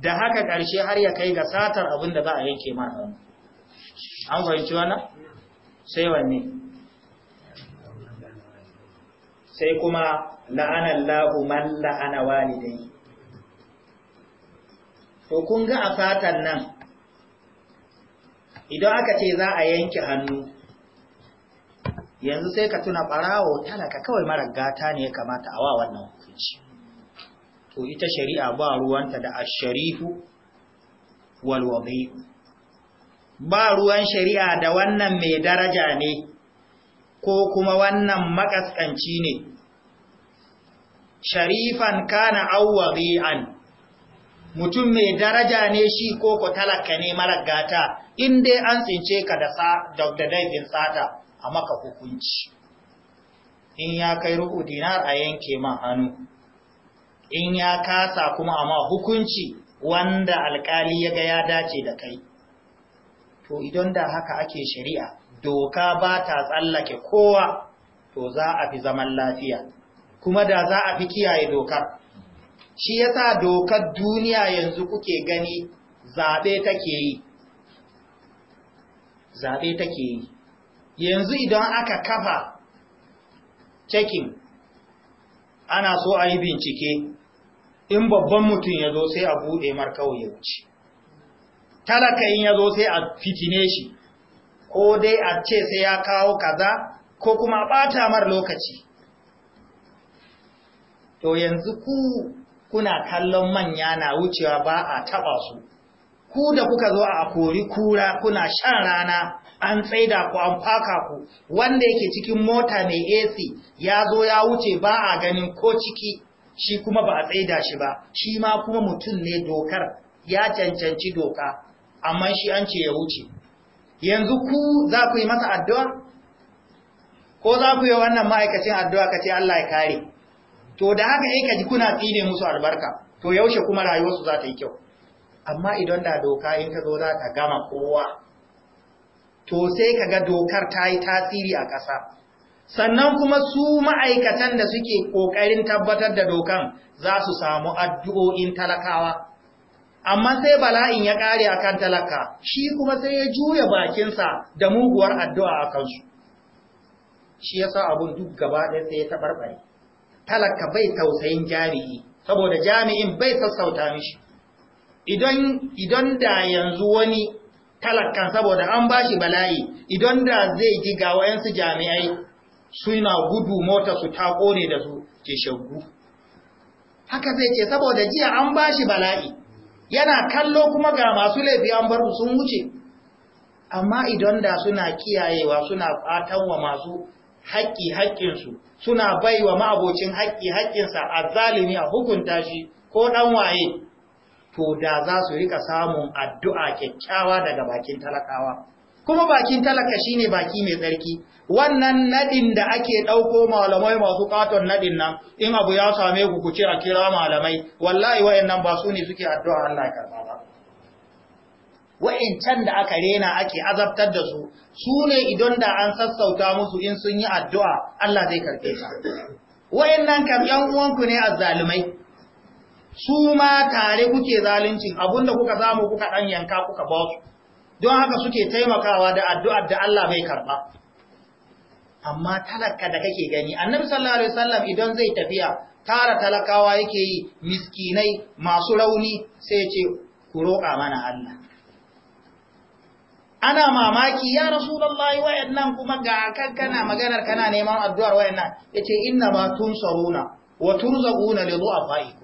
da haka ƙarshe har ya kai ga satar abin da za a yanke ma. an fahimci wannan sai wanne sai kuma la'ana Allahu man la'ana walidai to kun ga a fatan nan idan aka ce za a yanke hannu yanzu sai ka tuna barawo talaka kawai mara gata ne ya kamata a wa wannan hukunci to ita shari'a ba ruwanta da asharihu wal ba ruwan shari'a da wannan mai daraja ne ko kuma wannan makaskanci ne sharifan kana awwabi'an mutum mai daraja ne shi ko ko talaka ne mara gata in dai an tsince ka da da daifin sata a maka hukunci in ya kai ruku dinar a yanke ma hannu in ya kasa kuma a ma hukunci wanda alkali ya ga ya dace da kai to idan da haka ake shari'a doka ba ta tsallake kowa to za a fi zaman lafiya kuma da za a fi kiyaye dokar shi yasa dokar duniya yanzu kuke gani zaɓe take yi zaɓe take yi yanzu idan aka kafa cekin ana so a yi bincike in babban mutum ya zo sai a buɗe mar ya wuce talaka in ya zo sai a fitine shi ko dai a ce sai ya kawo kaza ko kuma ɓata mar lokaci to yanzu ku kuna kallon manya na wucewa ba a taɓa su ku da kuka zo a kori kura kuna shan rana an tsaida ku an faka ku wanda yake cikin mota mai AC ya zo ya wuce ba a ganin ko ciki shi kuma ba a tsaida shi ba shi ma kuma mutum ne dokar ya cancanci doka amma shi an ce ya wuce yanzu ku za ku yi masa addu'a ko za ku yi wannan ma'aikacin addu'a ka ce Allah ya kare to da haka yake ji kuna tsine musu albarka to yaushe kuma rayuwarsu za ta yi kyau amma idan da doka in ka zo za ta gama kowa to sai kaga dokar ta yi tasiri a ƙasa sannan kuma su ma'aikatan da suke ƙoƙarin tabbatar da dokan za su samu addu'o'in talakawa amma sai bala'in ya ƙare a kan talaka shi kuma sai ya juya bakinsa da muguwar addu'a a kansu shi ya sa abin duk gaba ɗaya sai ya taɓarɓare talaka bai tausayin jami'i saboda jami'in bai sassauta mishi idan da yanzu wani talakkan saboda an bashi bala'i idan da zai ji ga wayansu jami'ai suna gudu mota su ta kone da su ke shaggu haka zai ce saboda jiya an bashi bala'i yana kallo kuma ga masu laifi an bar sun wuce amma idan da suna kiyayewa suna fatan wa masu haƙƙi haƙƙinsu suna baiwa ma'abocin haƙƙi haƙƙinsa a zalimi a hukunta shi ko ɗan waye to da za su rika samun addu'a kyakkyawa daga bakin talakawa kuma bakin talaka shine baki mai tsarki wannan nadin da ake ɗauko malamai masu ƙaton nadin nan in abu ya same ku ku a kira malamai wallahi nan ba su ne suke addu'a Allah ya karɓa ba Wa'in can da aka rena ake azabtar da su su ne idan da an sassauta musu in sun yi addu'a Allah zai karfe su nan kam ‘yan uwanku ne azzalumai su ma tare kuke zaluncin abinda kuka samu kuka dan yanka kuka ba su don haka suke taimakawa da addu'ar da Allah bai karba amma talaka da kake gani annabi sallallahu alaihi wasallam idan zai tafiya tara talakawa yake yi miskinai masu rauni sai ce ku roƙa mana Allah ana mamaki ya rasulullahi wayannan kuma ga kan kana maganar kana neman addu'ar wayannan yace inna ma tunsaruna wa turzaquna li du'afai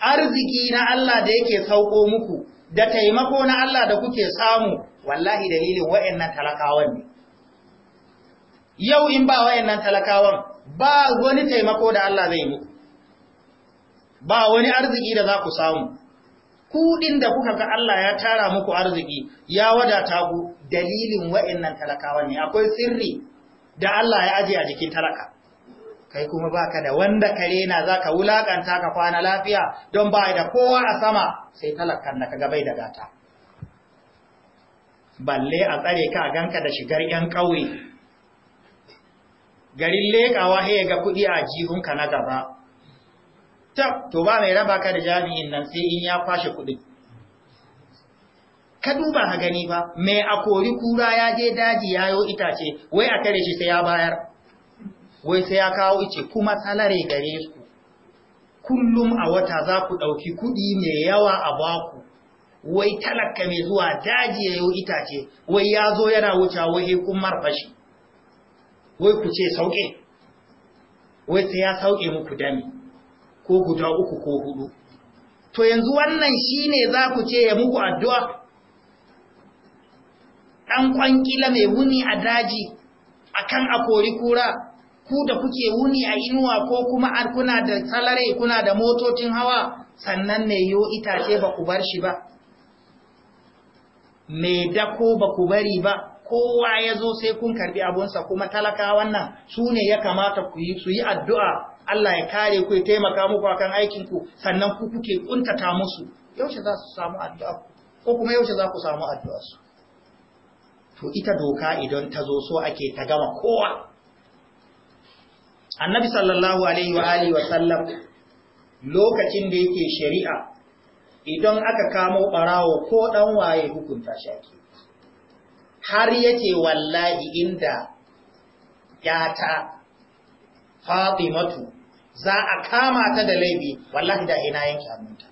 arziki na Allah da yake sauko muku da taimako na Allah da kuke samu wallahi dalilin wayannan talakawan ne yau in ba wayannan talakawan ba wani taimako da Allah zai muku ba wani arziki da za ku samu kudin da kuka ga Allah ya tara muku arziki ya wadata ku dalilin wayannan talakawan ne akwai sirri da Allah ya aje a jikin talaka kai kuma baka da wanda kare na ka wulakanta ka kwana lafiya don ba da kowa a sama sai talakan da kaga bai da gata balle a tsare ka a ganka da shigar yan kauye garin lekawa he ga kuɗi a jihunka na gaba Ta to ba mai raba ka da jami'in nan sai in ya kwashe kudin ka duba ha gani ba mai akori kura ya je daji ya yayo itace wai a kare shi sai ya bayar wai sai ya kawo ice kuma salare gare ku kullum a wata za ku ɗauki kuɗi mai yawa a baku wai talaka mai zuwa daji ya yi itace wai ya zo yana wuce wai kun marfashi wai ku ce sauƙe wai sai ya sauƙe muku dami ko guda uku ko hudu to yanzu wannan shine za ku ce ya muku addu'a ɗan ƙwanƙila mai wuni a daji akan akori kura ku da kuke wuni a inuwa ko kuma an kuna da salare kuna da motocin hawa sannan mai yo itace ba ku bar shi ba mai dako ba ku bari ba kowa ya zo sai kun karbi abunsa kuma talaka wannan su ne ya kamata ku yi su yi addu'a Allah ya kare ku ya taimaka muku akan aikin sannan ku kuke kuntata musu yaushe za su samu addu'a ko kuma yaushe za ku samu addu'a su to ita doka idan ta zo so ake ta gama kowa annabi sallallahu alaihi wa alihi wa sallam lokacin da yake shari'a idan aka kamo barawo ko dan waye hukunta shi ake har yace wallahi inda yata Fatimatu za a kama ta da laifi wallahi da ina yanke aminta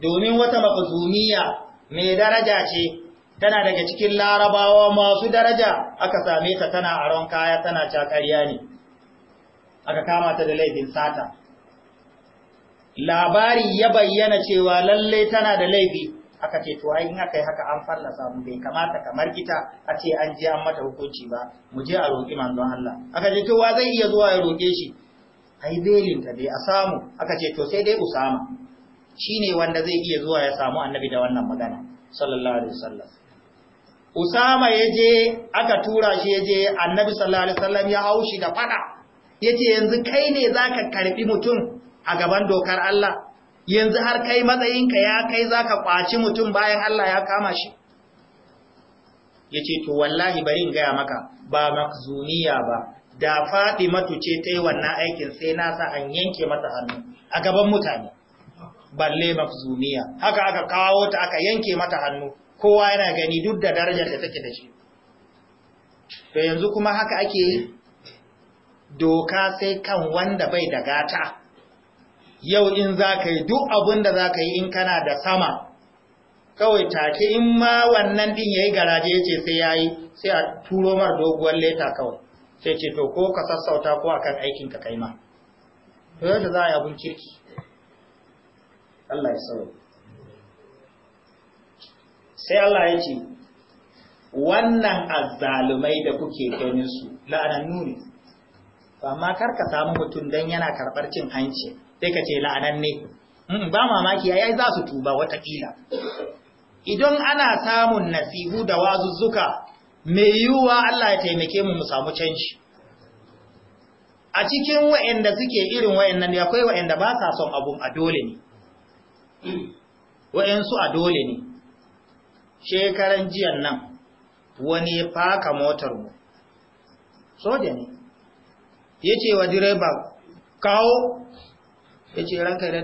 domin wata mafzumiya mai daraja ce tana daga cikin larabawa masu daraja aka same ta tana aron kaya tana cakariya ne aka kama ta da laifin sata labari ya bayyana cewa lalle tana da laifi aka ce to ai in aka yi haka an fallasa mu bai kamata kamar ita a ce an je an mata hukunci ba mu je a roƙi manzon Allah aka ce to wa zai iya zuwa ya roƙe shi ai belin ta dai a samu aka ce to sai dai Usama Shi ne wanda zai iya zuwa ya samu annabi da wannan magana sallallahu alaihi wasallam Usama ya je aka tura shi ya je annabi sallallahu alaihi wasallam ya haushi da fada yace yanzu kai ne zaka karbi mutum a gaban dokar Allah yanzu har kai matsayinka ya kai zaka kwaci mutum bayan Allah ya kama shi yace to wallahi bari in gaya maka ba makzuniya ba da Fatimatu ce ta yi wannan aikin sai na sa an yanke mata hannu a gaban mutane balle makzuniya haka aka kawo ta aka yanke mata hannu kowa yana gani duk da darajar da take da shi to yanzu kuma haka ake yi doka sai kan wanda bai da gata yau in za ka yi duk abin da za ka yi in kana da sama kawai take in ma wannan din ya yi garaje ya ce sai ya yi sai a turo mar doguwar leta kawai sai ce to ko ka sassauta ko a kan ka kai ma to yadda za a yi abin kirki Allah ya sauri sai Allah ya ce wannan azzalumai da kuke ganin su la'anannu ne ba ma kar ka samu mutum dan yana karɓar cin hanci sai ka ce la'anan ne ba mamaki yayi za su tuba watakila idan ana samun nasihu da wazuzzuka mai yiwuwa Allah ya taimake mu mu samu canji a cikin wa'anda suke irin wa'annan akwai wa'anda ba sa son abun a dole ne wa'ansu a dole ne shekaran jiyan nan wani faka motar mu soja ne ya ce wa direba kawo ya ce ranka da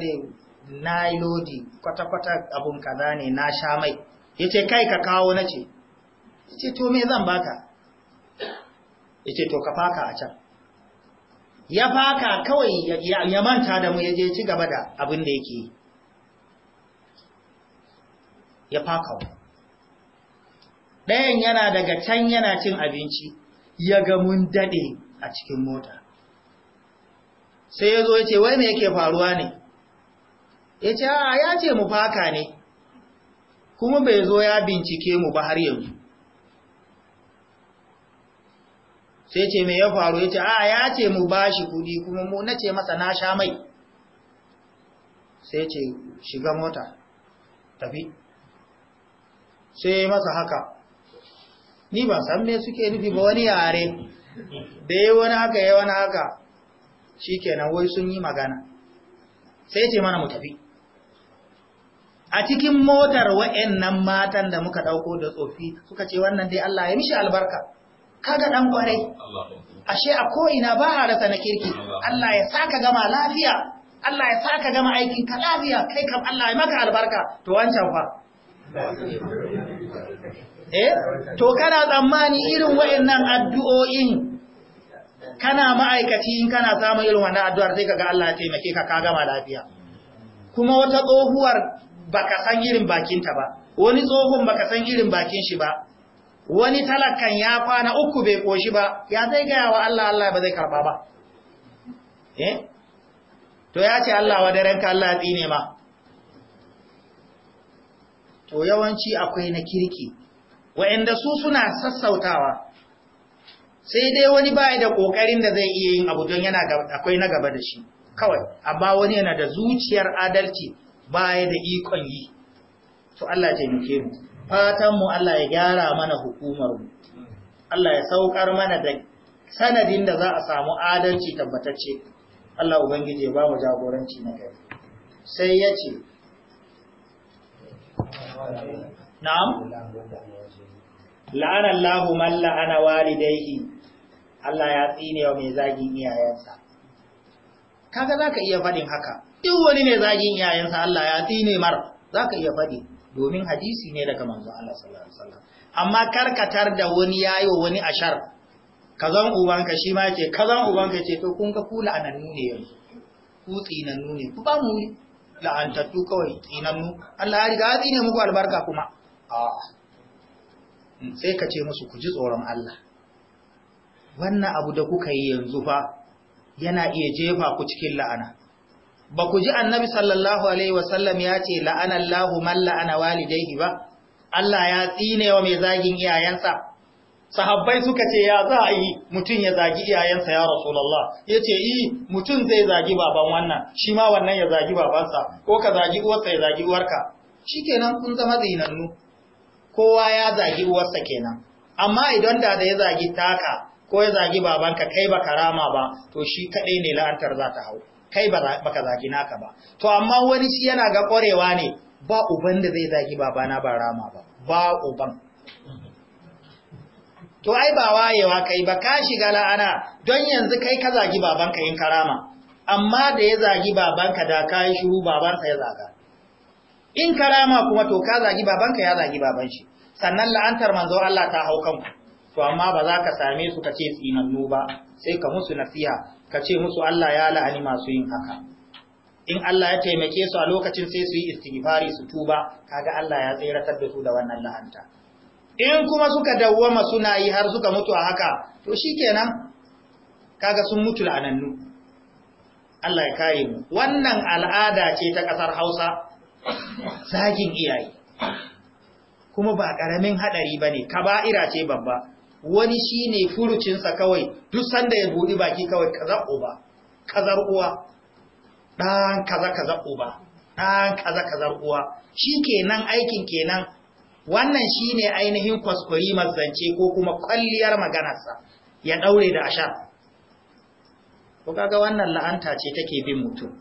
na yi lodi kwata-kwata abun kaza ne na sha mai ya ce kai ka kawo na ce ya ce to me zan baka ya ce to ka faka a can ya faka kawai ya manta da mu ya je ci gaba da abin da yake yi ya faka wa ɗayan yana daga can yana cin abinci ya ga mun daɗe a cikin mota sai ya zo ya ce wai me yake faruwa ne ya ce a ya ce mu faka ne kuma bai zo ya bincike mu ba har yanzu sai ce me ya faru ya ce a ya ce mu ba shi kudi kuma mu na masa na sha mai sai ce shiga mota tafi sai ya masa haka ni ban san me suke nufi ba wani yare da yi wani haka yi wani haka shikenan wai sun yi magana sai ce mana mu tafi a cikin motar nan matan da muka dauko da tsofi suka ce wannan dai Allah ya mishi albarka kaga dan kwarai ashe a ko'ina, ba a rasa na kirki Allah ya saka gama lafiya Allah ya saka gama aikin ka lafiya kai kam Allah ya maka albarka to wancan fa eh to kana tsammani irin nan addu'o'in kana ma'aikaci in kana samun irin wannan addu'ar sai kaga Allah ya taimake ka ka gama lafiya kuma wata tsohuwar baka san irin bakinta ba wani tsohon baka san irin bakin shi ba wani talakan ya kwana uku bai koshi ba ya zai gaya wa Allah Allah ba zai karba ba eh to ya ce Allah wa daren ka Allah ya tsine ma to yawanci akwai na kirki wa'anda su suna sassautawa sai dai wani baya da kokarin da zai iya yin abu don yana akwai na gaba da shi kawai amma wani yana da zuciyar adalci baya da ikon yi to Allah ya taimake mu fatan mu Allah ya gyara mana hukumar mu Allah ya saukar mana da sanadin da za a samu adalci tabbatacce Allah ubangiji ya ba mu jagoranci na gari sai ya ce na'am la'ana Allahu man la'ana walidayhi Allah ya tsine wa mai zagin iyayensa kaga zaka iya fadin haka duk wani ne zagin iyayensa Allah ya tsine mar zaka iya fadi domin hadisi ne daga manzo Allah sallallahu alaihi wasallam amma karkatar da wani yayo wa wani ashar kazan ubanka shi ma ce kazan ubanka ce to kun ga kula la'anannu ne yanzu ku tsinannu ne ku ba mu la'antattu kawai tsinannu Allah ya riga ya tsine muku albarka kuma a'a sai ka ce musu ku ji tsoron Allah wannan abu da kuka yi yanzu fa yana iya jefa ku cikin la'ana ba ku ji annabi sallallahu alaihi wasallam ya ce la'anallahu man la'ana walidayhi ba Allah ya tsine wa mai zagin iyayensa sahabbai suka ce ya za a yi mutum ya zagi iyayensa ya rasulullah ya ce yi mutum zai zagi baban wannan shi ma wannan ya zagi babansa ko ka zagi uwarsa ya zagi uwarka shikenan kun zama zinannu kowa ya zagi uwarsa kenan amma idan da da ya zagi taka ko ya zagi babanka kai baka rama ba to shi kadai ne la'antar za ta hau kai baka zagi naka ba to amma wani shi yana ga ƙwarewa ne ba uban da zai zagi babana ba rama ba ba uban to ai ba wayewa kai ba ka shiga la'ana don yanzu kai ka zagi babanka in karama amma da ya zagi babanka da ka yi shuru babansa ya zaga in karama kuma to ka zagi babanka ya zagi baban shi sannan la'antar manzo Allah ta hau kanku to amma ba za ka same su kace ce tsinannu ba sai ka musu nasiha kace musu Allah ya la'ani masu yin haka in Allah ya taimake su a lokacin sai su yi istighfari su tuba kaga Allah ya tsiratar da su da wannan la'anta in kuma suka dawwama suna yi har suka mutu a haka to shikenan kaga sun mutu la'anannu Allah ya kare mu wannan al'ada ce ta ƙasar Hausa zagin iyaye kuma ba ƙaramin haɗari ba ne kaba'ira ce babba wani shi ne furucinsa kawai duk sanda ya buɗi baki kawai kazar uba uwa ɗan kaza kazar uba ɗan kaza kazar uwa shi kenan aikin kenan wannan shi ne ainihin kwaskwari mazance ko kuma kwalliyar maganarsa ya ɗaure da ashar ko kaga wannan la'anta ce take bin mutum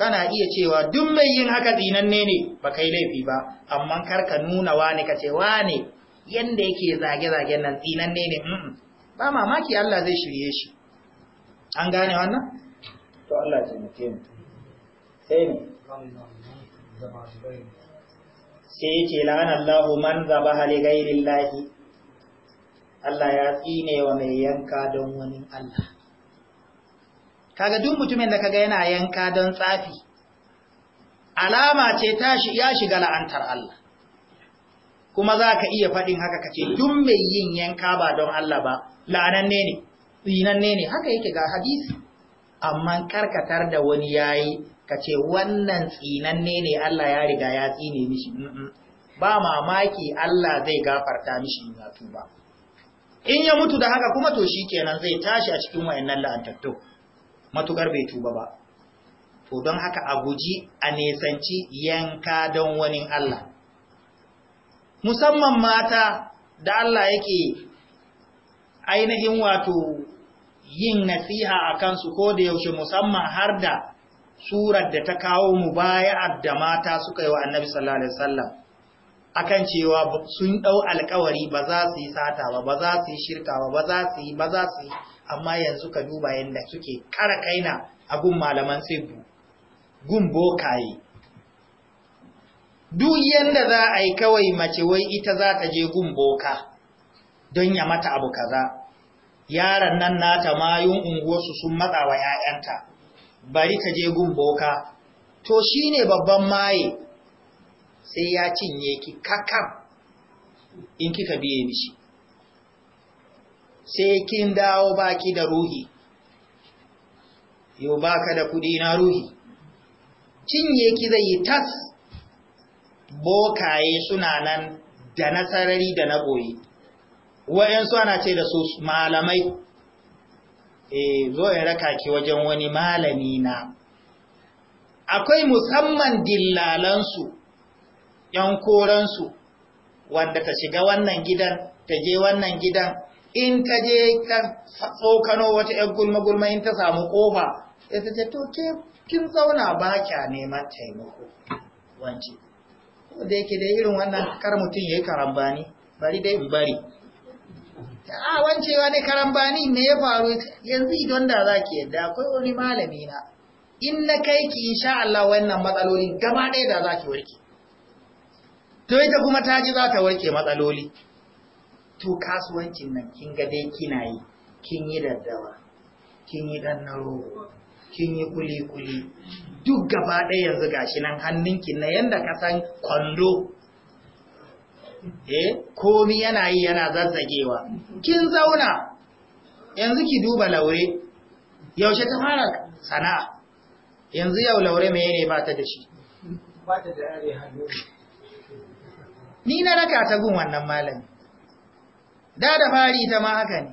kana iya cewa duk mai yin haka tsinanne ne ba kai laifi ba amma kar ka nuna wani ka ce wani yanda yake zage zage nan tsinanne ne ba mamaki Allah zai shirye shi an gane wannan to Allah ya taimake mu sai ne sai ce la'ana Allah man zaba li lahi? Allah ya tsine wa mai yanka don wani Allah kaga duk mutumin da kaga yana yanka don tsafi alama ce ta ya shiga la'antar Allah kuma za ka iya faɗin haka kace duk mai yin yanka ba don Allah ba la'ananne ne tsinanne ne haka yake ga hadisi amma karkatar da wani yayi ce wannan tsinanne ne Allah ya riga ya tsine mishi ba mamaki Allah zai gafarta mishi in ya in ya mutu da haka kuma to kenan zai tashi a cikin wayannan la'antattu matukar bai tuba ba to don haka a guji a nesanci yanka don wani Allah musamman mata da Allah yake ainihin wato yin nasiha a kansu ko da yaushe musamman har da surar da ta kawo mu baya da mata suka yi wa annabi sallallahu alaihi akan cewa sun ɗau alkawari ba za su yi sata ba ba za su yi shirka ba ba za su yi ba za su yi amma yanzu ka duba yadda suke kara kaina a gun malaman sebu gun bokaye duk yadda za a yi kawai mace wai ita za ta je gun boka don ya mata abu kaza yaran nan nata mayun unguwarsu sun matsa wa 'ya'yanta bari ta je gun boka to shine babban maye sai ya cinye ki kakam in kika biye mishi sai kin dawo baki da ruhi yau baka da kudi na ruhi cinye ki zai yi tas bokaye suna nan da na sarari da na boye wayansu ana ce da su malamai eh zo in raka ki wajen wani malami na akwai musamman dillalansu ‘yan koransu wanda ta shiga wannan gidan, ta je wannan gidan, in ka je ka tsokano wata ‘yan gulma-gulma in ta samu ƙofa ya ta ce to ke kin zauna ba kya neman taimako wance ko da yake da irin wannan kar mutum ya yi karambani bari dai in bari a ah, wance wani karambani me ya faru yanzu idan da za ki yadda akwai wani malami na in na kai ki insha Allah wannan matsalolin gaba ɗaya da za ki warke to ita kuma ta ji za ta warke matsaloli to kasuwancin nan kin ga dai kina yi kin yi daddawa kin yi dan rogo kin yi kuli kuli duk gaba ɗaya yanzu gashi nan hannunki na yanda ka san kwando eh komi yana yi yana zazzagewa kin zauna yanzu ki duba laure yaushe ta fara sana'a yanzu yau laure mene ba ta da shi ba ta da are hannu ni na raka ta gun wannan malami da da fari ta ma haka ne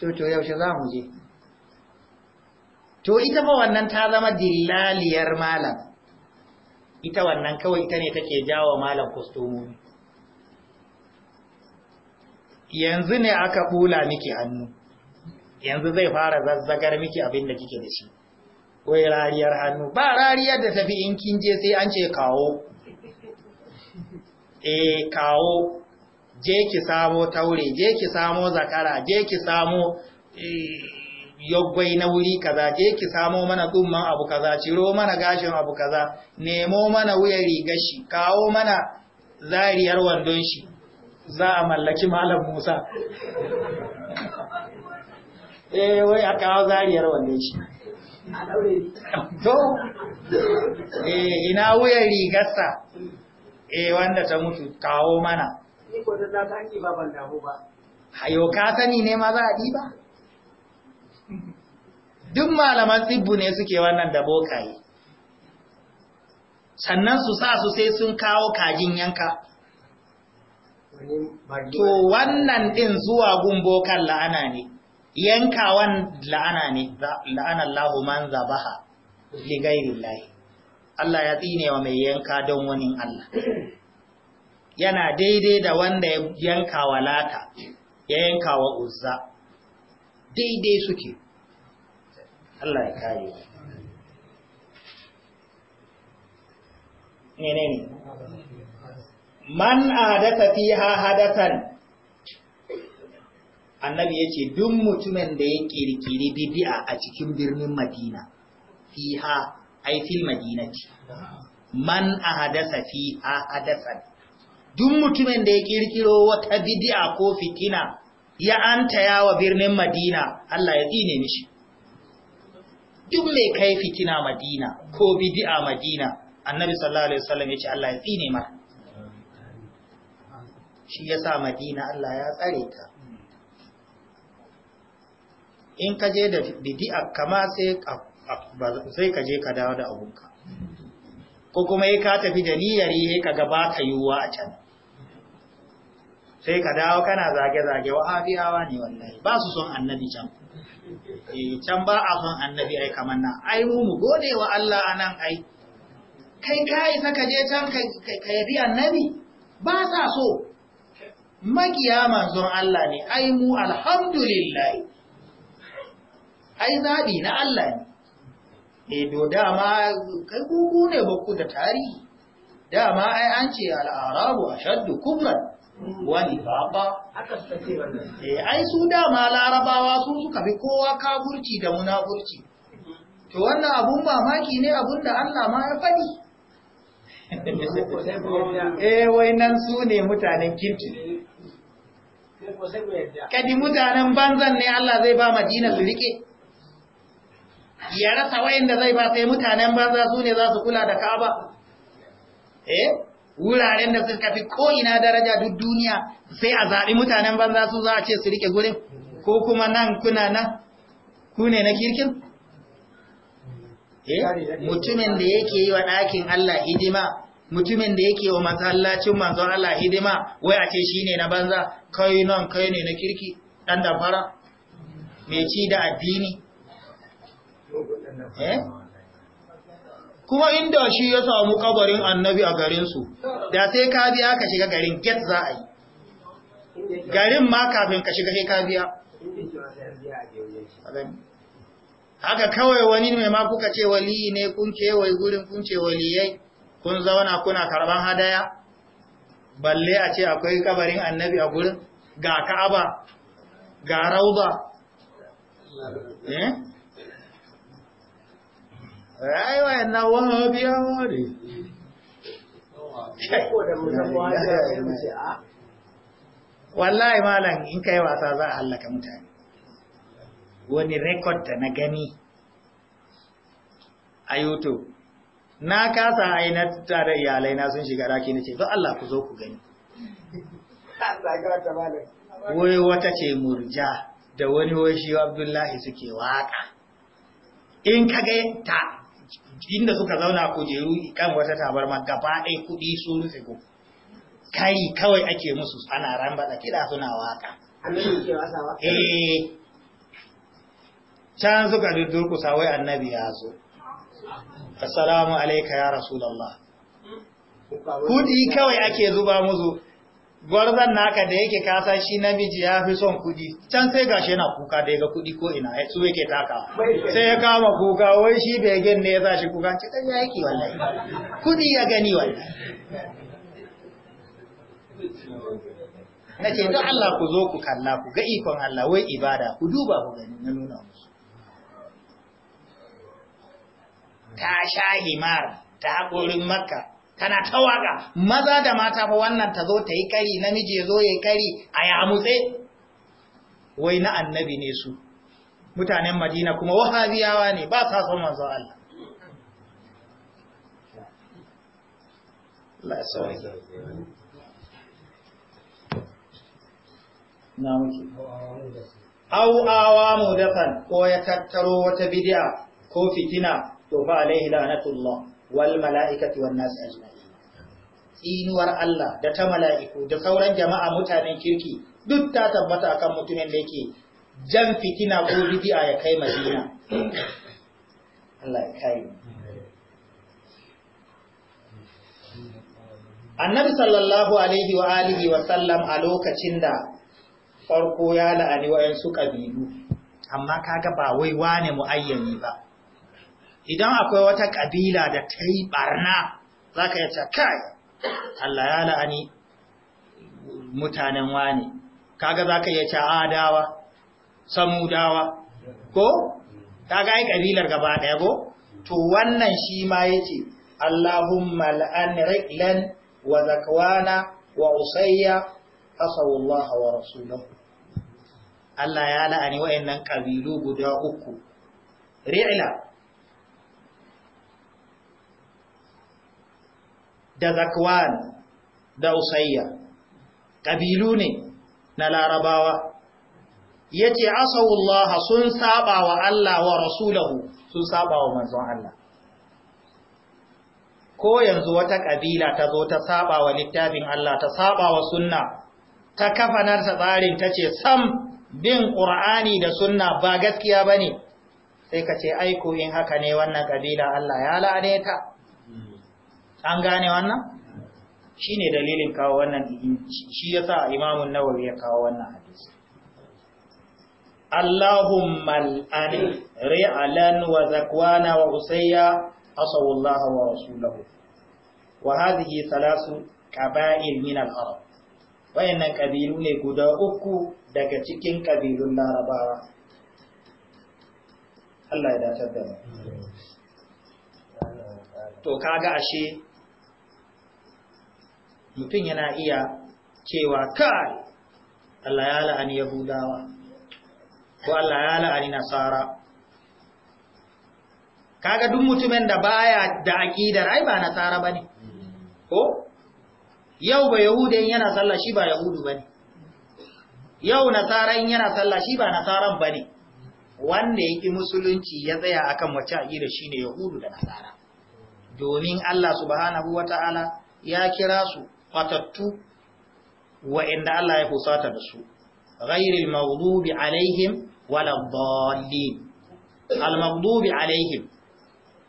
to to yaushe za mu je to ita fa wannan ta zama dillaliyar malam ita wannan kawai ita ne take jawo malam kostomomi yanzu ne aka bula miki hannu yanzu zai fara zazzagar miki abin da kike da shi wai rariyar hannu ba rariyar da tafi in kin je sai an ce kawo eh kawo je ki samo taure je ki samo zakara je ki samo eh, yaggwai na wuri kaza je ki samo mana tsumman abu kaza ciro mana gashin abu kaza nemo mana wuya rigashi shi kawo mana zariyar wandon shi za a mallaki malam Musa eh wai a kawo zariyar wandon shi to eh, ina wuyar rigarsa eh wanda ta mutu kawo mana ni da hanki ba damu ba hayo ka sani ne ma za a ba? duk malaman tsibbu ne suke wannan da bokaye sannan su sa su sai sun kawo kajin yanka to wannan din zuwa gun bokan la'ana ne yankawan la'ana ne la'ana man zabaha li ghairi Allah ya tsine wa mai yanka don wani Allah yana daidai da wanda ya yanka wa lata ya yanka wa uzza daidai suke Allah ya kare ne ne ne man adata fiha hadatan annabi yace duk mutumin da ya kirkiri bid'a a cikin birnin Madina fiha ai fil madinati man ahadatha fiha hadasan duk mutumin da ya kirkiro wata bidi'a ko fitina ya an tayawa birnin Madina Allah ya tsine mishi duk mai kai fitina Madina ko bidi'a Madina Annabi sallallahu alaihi wasallam ya ce Allah ya tsine mar shi yasa Madina Allah ya tsare ta in ka je da bidi'a kama sai sai ka je ka dawo da abunka ko kuma ya ka tafi da niyyar yi ka gaba ka yiwuwa a can sai ka dawo kana zage-zage wahabiyawa ne wallahi ba su son annabi can eh, can ba a son annabi ai kamar nan ai mu mu gode wa Allah anan ai kai kai saka je can ka yabi annabi ba sa so makiya manzon Allah ne ai mu alhamdulillah ai zabi na Allah ne eh do dama kai kuku ne ba ku da tarihi dama ai an ce al-arabu ashaddu kufran wani wannan eh ai su dama larabawa su suka bi kowa kafurci da munafurci to wannan abun mamaki ne abun da Allah ma ya faɗi eh nan su ne mutanen kirki kadi mutanen banzan ne Allah zai ba Madina su rike ya rasa wayanda zai ba sai mutanen banza su ne za su kula da Ka'aba eh wuraren da suka fi ko'ina daraja duk duniya sai a zaɓi mutanen banza su za a ce su riƙe gurin ko kuma nan kuna nan ku ne na kirkin? Eh? mutumin da yake yi wa ɗakin Allah hidima mutumin da yake wa masallacin manzon Allah hidima wai a ce shi ne na banza kai nan kai ne na kirki ɗan da fara mai ci da addini? eh? kuma inda shi ya samu kabarin annabi a garinsu da sai ka biya ka shiga garin get za a yi garin ma kafin ka shiga sai ka biya haka kawai wani mai ma kuka ce wali ne kun kewaye gurin kun ce waliyai kun zauna kuna karban hadaya balle a ce akwai kabarin annabi a gurin ga ka'aba ga rauba eh ai ah. malam in kai wasa za a hallaka mutane wani rekod da na gani a youtube na kasa a na tare iyalai na sun shiga raki na ce don Allah ku zo ku gani wai wata ce murja da wani wai shi abdullahi suke waka in ka ta inda suka zauna kujeru kan wata tabarma gaba ɗaya kuɗi sun rufe ko kai kawai ake musu ana rambaɗa kiɗa suna waka eh. can suka durkusa wai annabi ya zo assalamu alaika ya rasulallah kuɗi kawai ake zuba musu gwarzan naka da yake kasa shi namiji ya fi son kuɗi. can sai gashi yana kuka da ga kudi ko ina su yake taka sai ya kama kuka wai shi begen ne ya sa shi kuka ci dan yaki wallahi kudi ya gani wallahi nace ta Allah ku zo ku kalla ku ga ikon Allah wai ibada ku duba ku gani na nuna musu ta sha himar ta haƙorin makka tana tawaga maza da mata fa wannan ta zo ta yi kari namiji ya zo ya yi kari a yamutse wai na annabi ne su mutanen madina kuma wahabiyawa ne ba sa son manzo Allah Allah na au awa ko ya tattaro wata bid'a ko fitina to fa alaihi la'natullah wal mala'ikati wan nas ajma'in tsinuwar Allah da ta mala'iku da sauran jama'a mutanen kirki duk ta tabbata akan mutumin da yake jan fitina ko bid'a ya kai Madina Allah ya kai Annabi sallallahu alaihi wa alihi wa sallam a lokacin da farko ya la'ani wayansu kabilu amma kaga ba wai wane muayyani ba idan akwai wata kabila da ta yi barna za ka yace kai Allah ya la'ani mutanen wani kaga za ka yace adawa samudawa ko kaga ai kabilar gaba ɗaya ko to wannan shi ma yace Allahumma la'an riklan wa zakwana wa usayya asawallaha wa rasuluhu. Allah ya la'ani wa'annan kabilu guda uku ri'la da zakwan da usayya ƙabilu ne na larabawa Yace ce sun saba wa Allah wa rasulahu sun saba wa manzon Allah ko yanzu wata ƙabila ta zo ta saba wa littafin Allah ta saba wa sunna ta kafanar ta tsarin ta ce sam bin ƙur'ani da sunna ba gaskiya bane. sai ka ce aiko in haka ne wannan ƙabila Allah ya la'ane ta an gane wannan shi ne dalilin kawo wannan shi ya sa imamun nawawi ya kawo wannan hadisi Allahumma al'ani ri'alan wa zakwana wa usayya asawullaha wa rasulahu wa hadhihi salasu qaba'il min al wayannan kabilu ne guda uku daga cikin kabilun larabawa Allah ya dace da to kaga ashe mutum yana iya cewa kai Allah ya la'ani Yahudawa ko Allah ya la'ani Nasara kaga duk mutumin da baya da aqidar ai ba Nasara bane ko yau ba Yahudan yana sallah shi ba Yahudu bane yau Nasara in yana sallah shi ba Nasaran bane wanda yake musulunci ya tsaya akan wace aqida shine Yahudu da Nasara domin Allah subhanahu wataala ya kira su fatattu wa'inda Allah ya husata da su ghairil maghdubi alaihim wala dhallin al maghdubi alaihim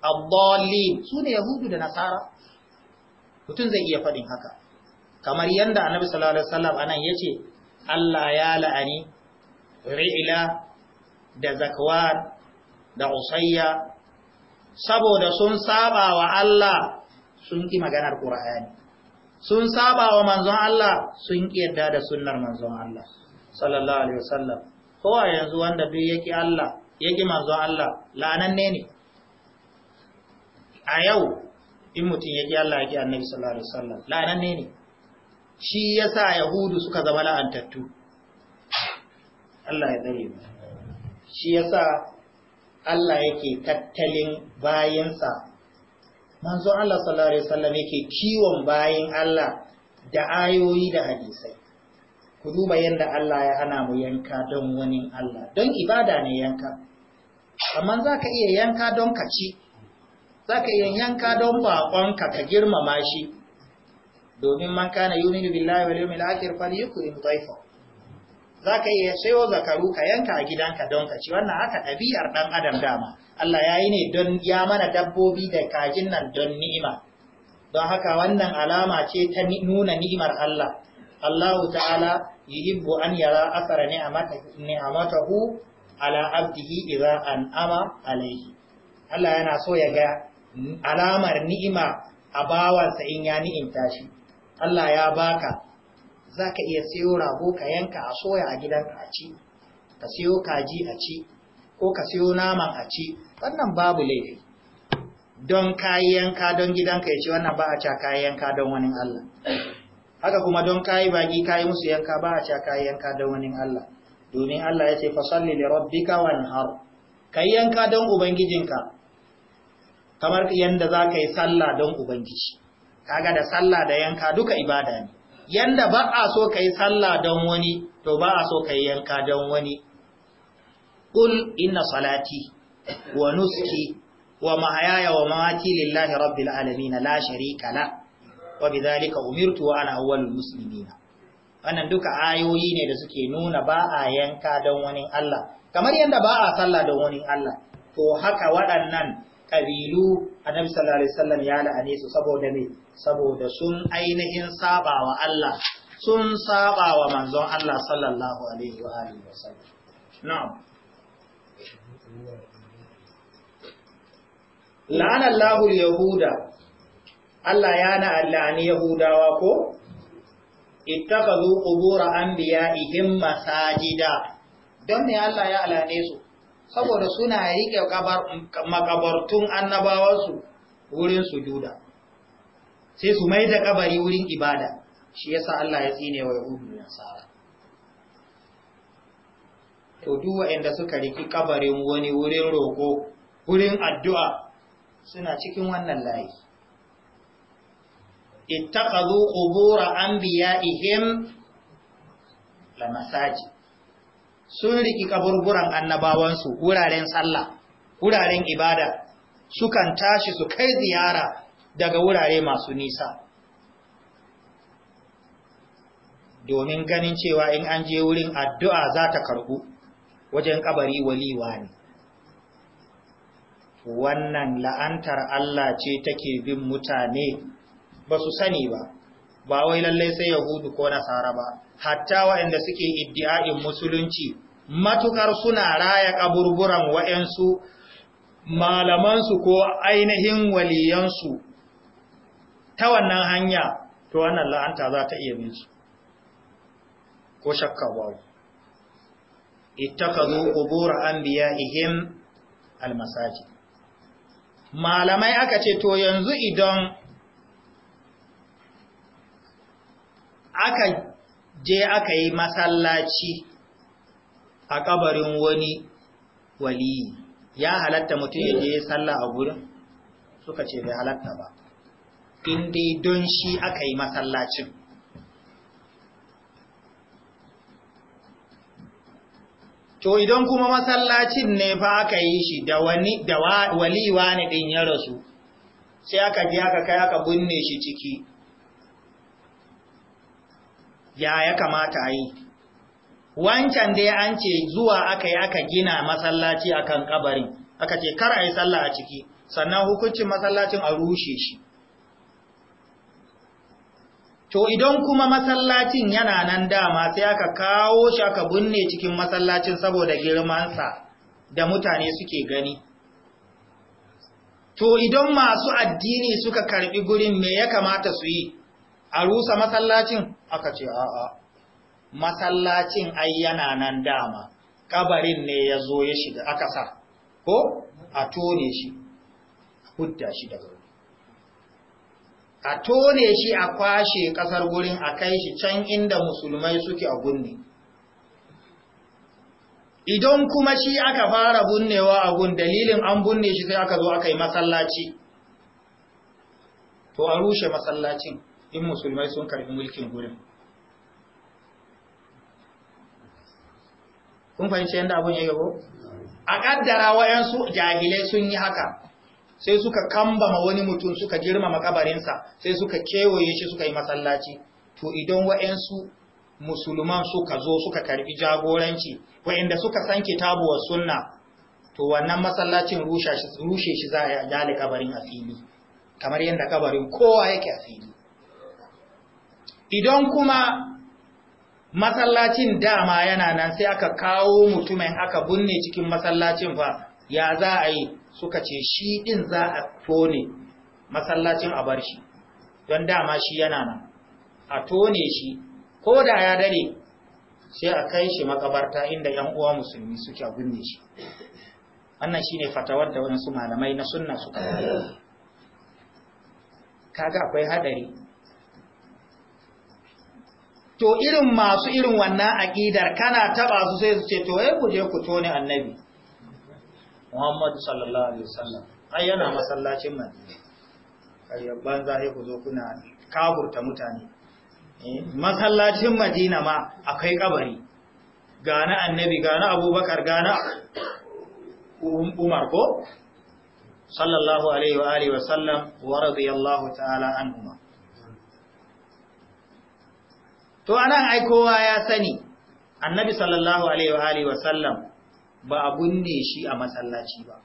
ad Su sune yahudu da nasara Mutum zai iya faɗin haka kamar yadda annabi sallallahu alaihi wasallam anan ce, Allah ya la'ani ri'ila da Zakwar da usayya saboda sun saba wa Allah sun ki maganar qur'ani sun saba wa manzon Allah sun yarda da sunnar manzon Allah sallallahu alaihi wasallam kowa yanzu wanda bai yake Allah yake manzon Allah la'ananne ne a yau in mutum yake Allah yake annabi sallallahu alaihi wasallam la'ananne ne shi yasa yahudu suka zama la'antattu Allah ya dare shi yasa Allah yake tattalin bayansa manzo Allah sallallahu alaihi wasallam yake kiwon bayin Allah da ayoyi da hadisai ku duba yanda Allah ya hana mu yanka don wani Allah don ibada ne yanka amma zaka iya yanka don ka ci zaka iya yanka don baƙonka ka girmama shi domin man kana yuminu billahi wal yawmil akhir falyukrim dhaifa za ka iya sayo zakaru ka yanka a gidanka don ka ci wannan haka ɗabi'ar ɗan adam dama Allah ya yi ne don ya mana dabbobi da kajin nan don ni'ima don haka wannan alama ce ta nuna ni'imar Allah Allah ta'ala yi ibu an yara asara ni'amatahu ala abdihi idza ama alaihi Allah yana so ya ga alamar ni'ima a bawansa in ya ni'imta shi Allah ya baka za ka iya siyo rago ka yanka a soya a gidanka a ci ka siyo kaji a ci ko ka siyo naman a ci wannan babu laifi don kayi yanka don gidanka ya ce wannan ba a ca kayi yanka don wani Allah haka kuma don kayi baki kayi musu yanka ba a ca kayi yanka don wani Allah domin Allah ya ce fa salli li rabbika wanhar kai yanka don ubangijinka kamar yanda za ka yi sallah don ubangiji kaga da sallah da yanka duka ibada ne yanda ba a so ka yi sallah don wani to ba a so ka yi yanka don wani ƙul inna salati wa nuski wa mahayaya wa mamati lillahi rabbil alamin la sharika la wa bidhalika umirtu wa ana awwalul muslimin wannan duka ayoyi ne da suke nuna ba a yanka don wani Allah kamar yanda ba a sallah don wani Allah to haka waɗannan kabilu annabi sallallahu alaihi wasallam ya la'ane su saboda me saboda sun ainihin saba wa Allah sun saba wa manzon Allah sallallahu alaihi wa alihi wa sallam na'am la'ana Allahu yahuda Allah ya ne yahudawa ko ittakhadhu qubura anbiya'ihim masajida don ne Allah ya alane su saboda suna kabar makabartun annabawansu wurin sujuda sai su mai da kabari wurin ibada shi yasa Allah ya tsine wa yahudu nasara to duk waɗanda suka riki kabarin wani wurin roko wurin addu'a suna cikin wannan layi ittaqadu qubura anbiya'ihim la masaji sun riki kaburburan annabawansu wuraren sallah wuraren ibada sukan tashi su kai ziyara daga wurare masu nisa domin ganin cewa in an je wurin addu'a za ta karɓu wajen ƙabari waliwa ne wannan la'antar Allah ce take bin mutane ba su sani ba ba wai lallai sai yahudu ko nasara ba hatta waɗanda suke iddi'a'in musulunci matukar suna raya ƙaburburan waɗansu malamansu ko ainihin waliyansu ta wannan hanya to wannan la'anta za ta iya binsu ko shakka babu ittakhadhu qubur anbiya'ihim almasajid malamai aka ce to yanzu idan aka je aka yi masallaci a kabarin wani waliyi ya halatta mutum ya je sallah a gurin suka ce bai halatta ba in dai don shi aka yi masallacin to idan kuma masallacin ne fa aka yi shi da wani da waliwa ne din ya rasu sai aka ji aka kai aka binne shi ciki ya ya kamata yi wancan dai an ce zuwa aka yi aka gina masallaci akan kabarin aka ce kar a yi sallah a ciki sannan hukuncin masallacin a rushe shi to idan kuma masallacin yana nan dama sai aka kawo shi aka binne cikin masallacin saboda girmansa da mutane suke gani to idan masu addini suka karbi gurin me ya kamata su yi a rusa masallacin aka ce a'a masallacin ai yana nan dama kabarin ne ya zo ya shiga aka sa ko a tone shi hudda shi daga a tone shi a kwashe ƙasar gurin a kai shi can inda musulmai suke a gunne idan kuma shi aka fara bunnewa a gun dalilin an bunne shi sai aka zo aka yi masallaci to a rushe masallacin in musulmai sun karfi mulkin gurin kun fahimci yadda abin ya ko? a ƙaddara wa'yansu jahilai sun yi haka sai suka kambama wani mutum suka girmama kabarinsa sai suka kewaye shi suka yi masallaci to idan wa'yansu musulman suka zo suka karbi jagoranci wa'inda suka san kitabuwar sunna to wannan masallacin rushe shi za a yi kabarin a fili kamar yadda kabarin kowa yake a fili idan kuma masallacin dama yana nan sai aka kawo mutumin aka bunne cikin masallacin fa ya za a yi suka ce shi ɗin za a tone masallacin a bar shi don dama shi yana nan a tone shi ko da ya dare sai a kai shi makabarta inda ‘yan uwa musulmi suke a gunne shi wannan shi fatawar da su malamai na sunna suka kaga akwai hadari to irin masu irin wannan aƙidar kana taɓa su sai su ce to ku je ku tone annabi Muhammadu sallallahu alaihi wasallam ai yana masallacin Madina karyar banza sai ku zo kuna kaburta mutane eh, masallacin Madina ma akwai kabari gana annabi gana abubakar gana um-, umar ko sallallahu alaihi wa alihi wasallam wa radiyallahu ta'ala anhuma to anan ai kowa ya sani annabi sallallahu alaihi wa alihi wasallam ba a binne shi a masallaci ba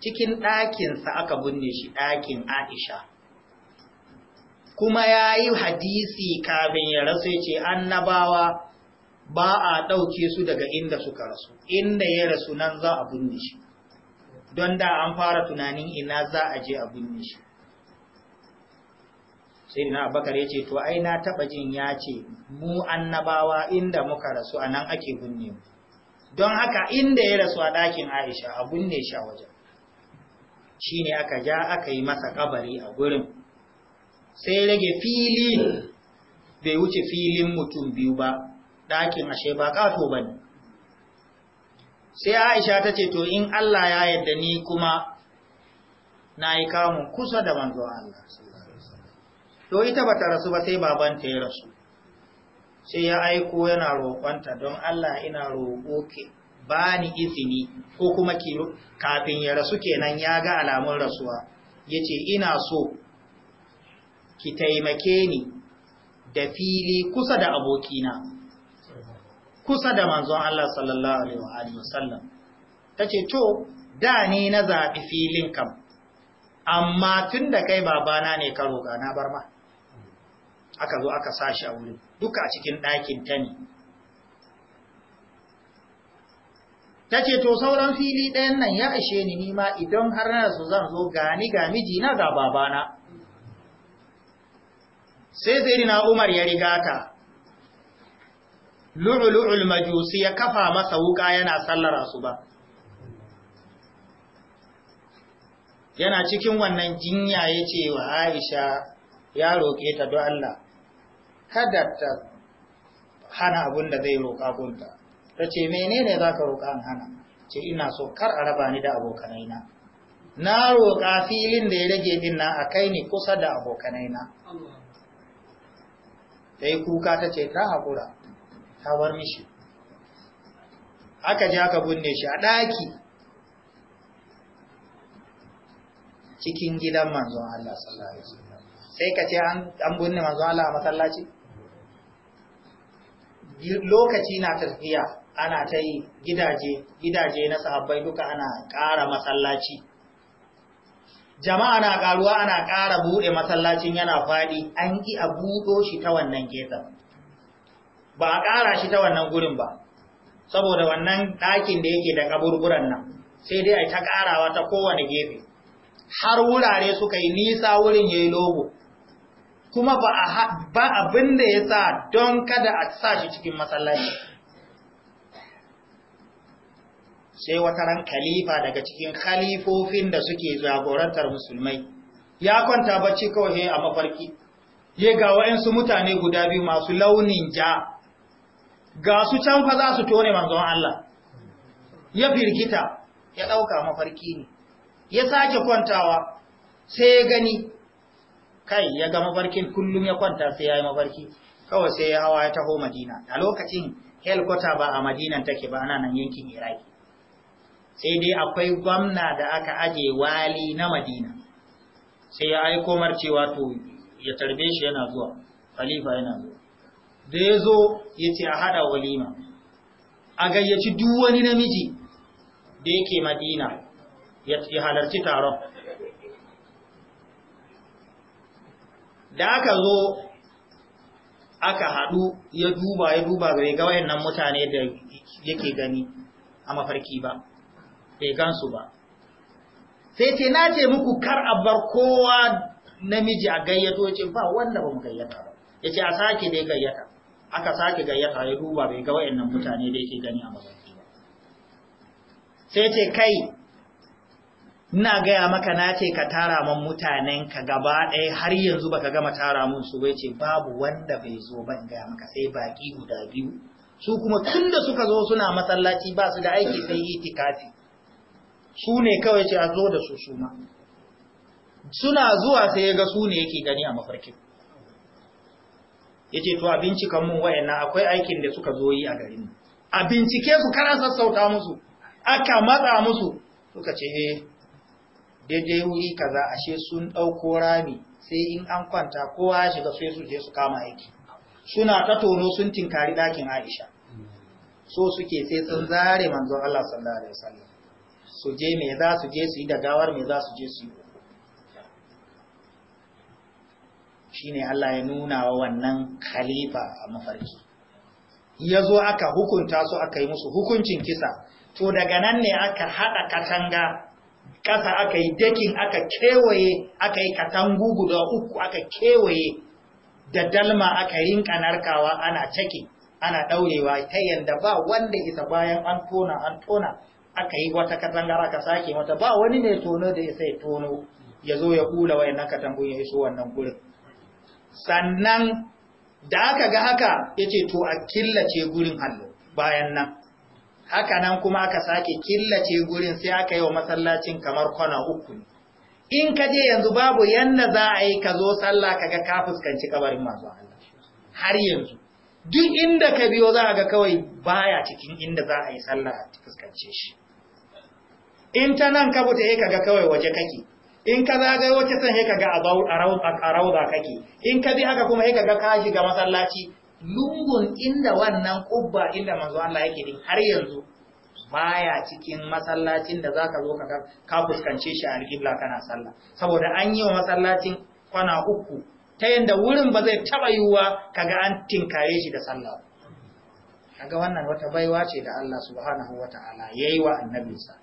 cikin ɗakinsa aka binne shi ɗakin aisha kuma ya yi hadisi kafin ya rasu ya ce annabawa ba a ɗauke su daga inda suka rasu inda ya rasu nan za a binne shi don da an fara tunanin ina za a je a binne shi sai na abakar ya ce to ai na taɓa jin ya ce mu annabawa inda muka rasu a nan ake binne mu don haka inda ya rasu a ɗakin aisha a ne sha wajen shi ne aka ja aka yi masa kabari a gurin sai rage fili bai wuce filin mutum biyu ba ɗakin ashe ba ƙafo ba ne sai aisha ta ce to in allah ya yadda ni kuma na yi kamun kusa da manzo Allah to ita ba ta rasu ba sai babanta ya rasu sai ya aiko yana roƙonta don Allah ina roƙo ke ba ni izini ko kuma kafin ya rasu kenan ya ga alamun rasuwa ya ce ina so ki taimake ni da fili kusa da abokina kusa da manzon Allah sallallahu Alaihi wasallam ta ce to da ni na zaɓi filin kam amma tun da kai babana ne ka roƙa na bar ma aka zo aka sashi a wurin duka a cikin ɗakin ta ne ta ce to sauran fili ɗayan nan ya ashe ni nima idan har na su zan zo gani ga mijina ga babana sai zai na umar ya riga ta lu'ulu'ul majusi ya kafa masa wuka yana sallara su ba yana cikin wannan jinya ya ce wa aisha ya roƙe ta don Allah kada ta hana abin da zai roƙa gunta ta ce menene za ka roƙa hana ce ina so kar a raba ni da abokanaina na roƙa filin da ya rage din na a kai ni kusa da abokanaina ta yi kuka ta ce ta haƙura ta bar mishi aka ji aka binne shi a ɗaki cikin gidan manzon Allah sallallahu alaihi wasallam sai ka ce an binne manzon Allah a masallaci lokaci na tafiya ana ta yi gidaje gidaje na sahabbai duka ana ƙara masallaci jama'a na ƙaruwa ana ƙara buɗe masallacin yana faɗi an ƙi a buɗo shi ta wannan gefen ba a ƙara shi ta wannan gurin ba saboda wannan ɗakin da yake da kaburburan nan sai dai a ta ƙarawa ta kowane gefe har wurare suka yi nisa wurin ya yi logo kuma ba a ba abin da ya sa don kada a sa shi cikin matsalashi. sai wata ran khalifa daga cikin khalifofin da suke jagorantar musulmai ya kwanta bacci kawai a mafarki ya ga wa'insu mutane guda biyu masu launin ja ga su can fa za su tone manzon Allah ya firgita ya ɗauka mafarki ne ya sake kwantawa sai ya gani kai ya ga mafarkin kullum ya kwanta sai ya yi mafarki kawai sai ya hawa ya taho madina a lokacin helkota ba a madinan take ba ana nan yankin iraki sai dai akwai gwamna da aka aje wali na madina sai ya aiko marcewa to ya tarbe shi yana zuwa khalifa yana zuwa da ya zo ya ce a haɗa walima a gayyaci duk wani namiji da yake madina ya halarci taron da aka zo aka haɗu ya duba ya duba bai ga wayannan mutane da yake gani a mafarki ba bai gansu ba sai ce na ce muku kar a bar kowa namiji a gayyato ce ba wanda ba mu gayyata ba yace a sake dai gayyata aka sake gayyata ya duba bai ga wayannan mutane da yake gani a mafarki ba sai ce kai ina gaya maka na ce ka tara man mutanen ka gaba ɗaya har yanzu baka gama tara mun su bai ce babu wanda bai zo ba in gaya maka sai baki guda biyu su kuma tun da suka zo suna masallaci ba su da aiki sai itikafi su ne kawai ce a zo da su suma suna zuwa sai ya ga su ne yake gani a mafarkin yace to a kan mun wayannan akwai aikin da suka zo yi a garin a bincike su kana sassauta musu aka matsa musu suka ce eh Daidai wuri kaza ashe sun ɗauko rami sai in an kwanta kowa ya shiga sai su je su kama aiki suna ta tono sun tinkari ɗakin aisha so suke sai sun zare manzon Allah sallallahu alaihi wasallam su je me za su je su yi da gawar me za su je su yi shine Allah ya nuna wa wannan khalifa a mafarki ya zo aka hukunta su aka yi musu hukuncin kisa to daga nan ne aka haɗa katanga ƙasa aka yi dakin aka kewaye aka yi katangu guda uku aka kewaye da dalma aka rinka narkawa ana caki ana ɗaurewa ta yanda ba wanda isa bayan an tona an tona aka yi wata katangar aka sake mata ba wani ne tono da isa ya tono ya zo ya kula wayannan katangun ya iso wannan gurin sannan da aka ga haka yace to a killace gurin hallo bayan nan haka nan kuma aka sake killace gurin sai aka yi wa masallacin kamar kwana uku ne in ka je yanzu babu yanda za a yi ka zo sallah ga ka fuskanci kabarin masu Allah har yanzu duk inda ka biyo za a ga kawai baya cikin inda za a yi sallah a fuskance shi in ta nan ka buta ka ga kawai waje kake in ka zagayo wata san ka ga a rauda kake in ka bi haka kuma ka ga ka shiga masallaci lungun inda wannan kubba inda manzo Allah yake din har yanzu baya cikin masallacin da zaka zo ka ka fuskance shi a alƙibla kana sallah saboda an yi wa masallacin kwana uku ta yanda wurin ba zai taba yiwuwa kaga an tinkaye shi da sallah kaga wannan wata baiwa ce da Allah subhanahu wataala yayi wa annabinsa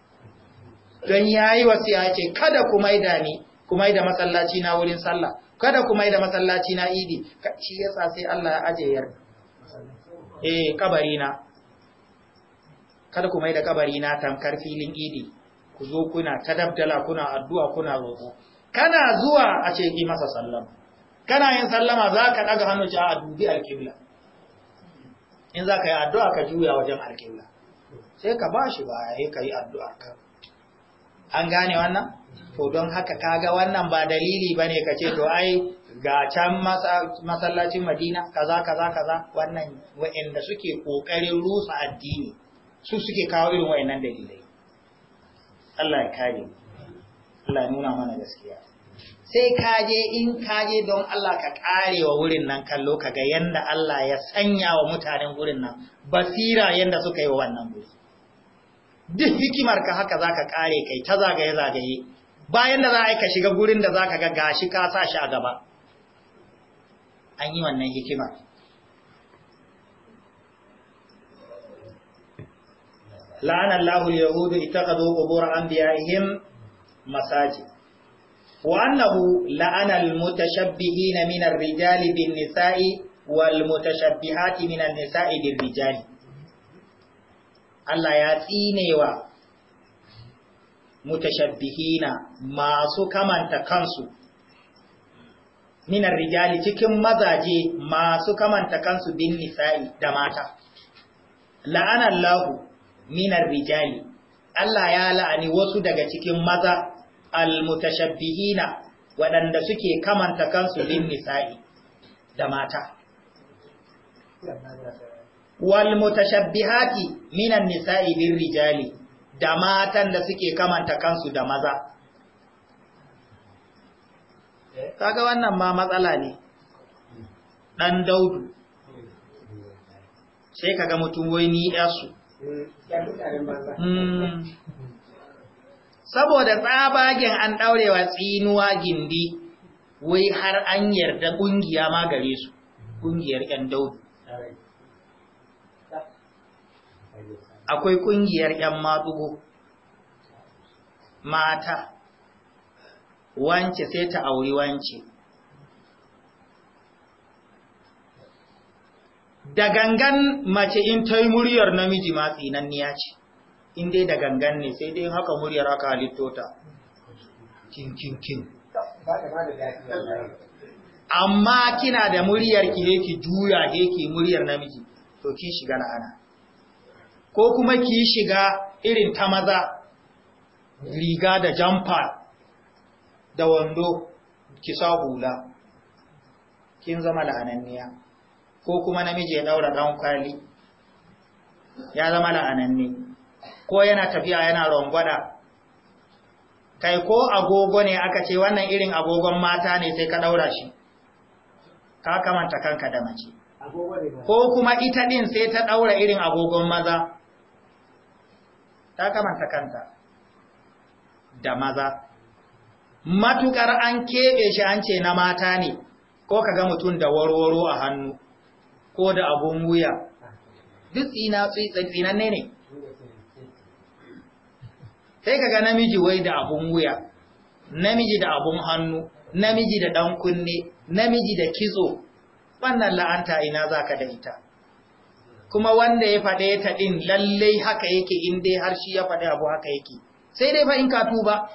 don yayi wasiya ce kada ku maida ni ku maida masallaci na wurin sallah kada ku mai da masallaci na idi shi yasa sai Allah ya aje yar eh kabari na kada ku yi da kabari na tamkar filin idi ku zo kuna tadabdala kuna addu'a kuna roƙo kana zuwa a ce ki masa sallama kana yin sallama za ka ɗaga hannu ci a dubi alqibla in za ka yi addu'a ka juya wajen alqibla sai ka bashi yi ka yi addu'ar ka an gane wannan to don haka kaga wannan ba dalili bane ka ce to ai ga can masallacin madina kaza kaza kaza wannan wa'anda suke kokarin rusa addini su suke kawo irin wa'annan dalilai Allah ya kare Allah ya nuna mana gaskiya sai kaje in kaje don Allah ka kare wa wurin nan kallo kaga yanda Allah ya sanya wa mutanen wurin nan basira yanda suka yi wa wannan guri duk hikimar ka haka zaka kare kai ta zagaye zagaye bayan da za a yi ka shiga gurin da za ka ga gashi ka sa shi a gaba an yi wannan hikima la'ana Allahul yahudu ittakhadhu qubur anbiya'ihim masajid wa annahu la'anar al-mutashabbihin min rijali bin nisa'i wal mutashabbihati min an-nisa'i bin rijali Allah ya tsinewa mutashabbihina masu kamanta kansu minar rijali cikin mazaje masu kamanta kansu bin nisa'i da mata la'anan lahu minar rijali Allah ya la'ani wasu daga cikin maza almutashabbihina waɗanda suke kamanta kansu bin nisa'i da mata wal mutashabbihati minan nisa'i bin rijali da matan da suke kamanta kansu da maza kaga wannan ma matsala ne dan daudu sai kaga mutum wai ni yasu hmm. saboda tsabagen an daurewa tsinuwa gindi wai har an yarda kungiya ma gare su kungiyar yan daudu akwai ƙungiyar yan matsugo mata wance sai ta auri wance da gangan mace in ta yi muryar namiji ma tsinanniya ce in dai da gangan ne sai dai haka muryar aka halittota kin kin kin amma kina da muryar ki juya yake ki muryar namiji to ki shiga la'ana ko kuma ki shiga irin ta maza riga da jamfa da wando ki sa hula kin zama la'ananniya ko kuma namiji ya daura dan kwali ya zama la'ananni ko yana tafiya yana rongwada kai ko agogo ne aka ce wannan irin agogon mata ne sai ka daura shi ka kamanta kanka da mace ko kuma ita din sai ta daura irin agogon maza ta kamanta kanta da maza matukar an keɓe shi an ce na mata ne ko kaga mutum da warwaro a hannu ko da abun wuya duk tsina tsinanne ne sai kaga namiji wai da abun wuya namiji da abun hannu namiji da ɗan kunne namiji da kitso wannan la'anta ina za ka da ita kuma wanda ya faɗe ta ɗin lallai haka yake in dai har shi ya faɗe abu haka yake sai dai fa in ka tuba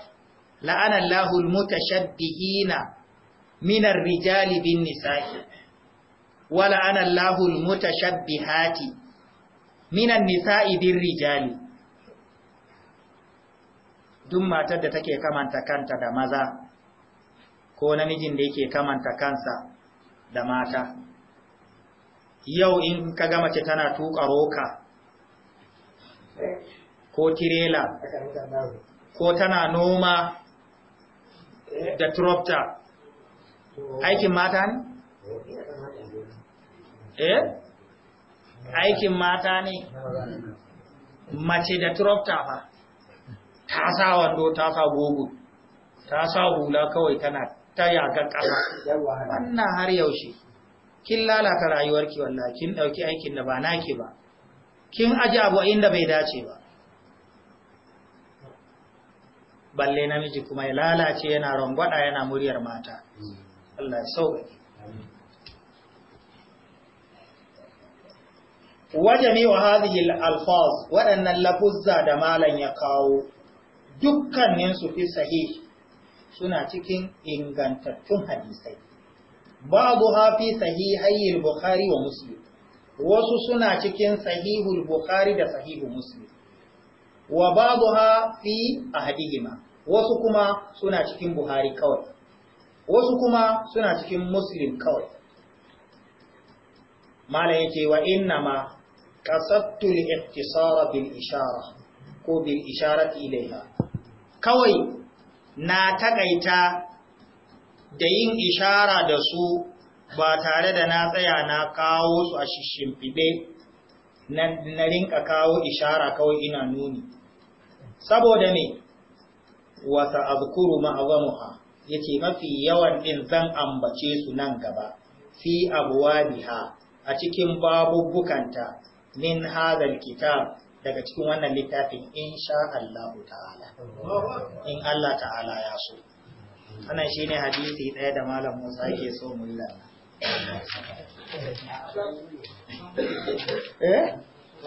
la'ana Allahul mutashabbihina minar rijali bin nisa'i wa la'ana Allahul mutashabbihati minan nisa'i bin rijali duk matar da take kamanta kanta da maza ko namijin da yake kamanta kansa da mata yau in ka ga mace tana tuka roka ko tirela ko tana noma da turopta. aikin mata ne eh aikin mata ne mace da turopta fa ta sa wando ta sa gogo ta sa hula kawai tana ta yaga ƙasa wannan har yaushe kin lalata rayuwarki wallahi kin ɗauki aikin da ba naki ba kin aje abu inda bai dace ba balle namiji kuma ya lalace yana rangwada yana muryar mata Allah ya sauƙaƙe wajami wa hadhihi al-alfaz waɗannan lafuzza da malan ya kawo dukkanin su fi sahih suna cikin ingantattun hadisai babu hafi sahihai al-bukhari wa muslim wasu suna cikin sahihul bukhari da sahihu muslim wa babu ha fi ahadihima wasu kuma suna cikin buhari kawai wasu kuma suna cikin muslim kawai Mala yake wa inna ma kasattu al bil ishara ko bil ishara ilaiha. kawai na taƙaita da yin ishara da su ba tare da na tsaya na kawo su a shishimfibe na rinka kawo ishara kawai ina nuni saboda ne wa azkuru ma'azamuha yace mafi yawan din zan ambace su nan gaba fi abwabiha a cikin babubbukanta min hadal kitab daga cikin wannan littafin insha Allah ta'ala in Allah ta'ala ya so wannan shine hadisi ɗaya da malam Musa yake so mulla eh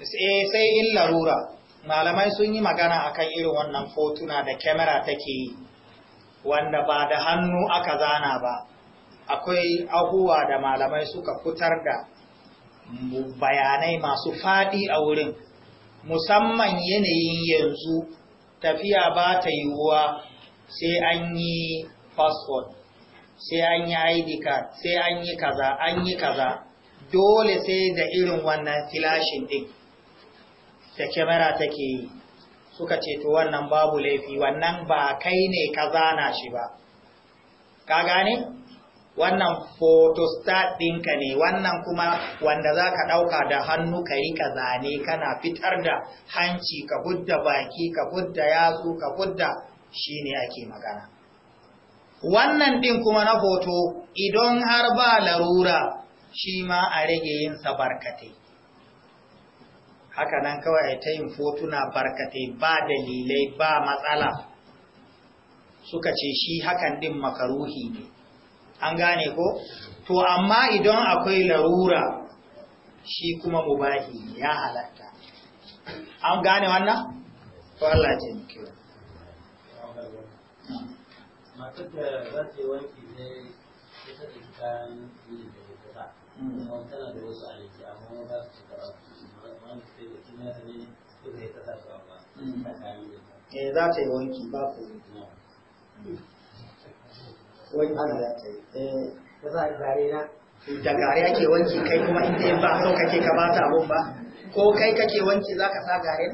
Eh, sai in larura malamai sun yi magana akan irin wannan fotuna da kyamara take yi wanda ba da hannu aka zana ba akwai abubuwa da malamai suka fitar da bayanai masu faɗi a wurin musamman yanayin yanzu tafiya ba ta yiwuwa sai an yi passport sai an yi id sai an yi kaza an yi kaza dole sai da irin wannan filashin ɗin da kyamara take yi suka ce to wannan babu laifi wannan ba kai ne ka zana shi ba ka gane wannan photostat ɗinka ne wannan kuma wanda za ka ɗauka da hannu ka yi ka zane kana fitar da hanci ka budda baki ka budda yatsu ka budda shi ne ake magana wannan ɗin kuma na hoto idan har ba larura shi ma a rage yin sa barkatai haka nan kawai ta yin fotuna barkatai ba dalilai ba matsala suka ce shi hakan din makaruhi ne an gane ko to amma idan akwai larura shi kuma mubahi ya halatta an gane wannan to Allah ya ji matar da za ta yi wanki ne ta kayan eh za ta yi wanki ba ku wani ana za ta yi eh da za a gare na da gare ake wanki kai kuma inda yin ba so kake ka bata abun ba ko kai kake wanki za ka sa gare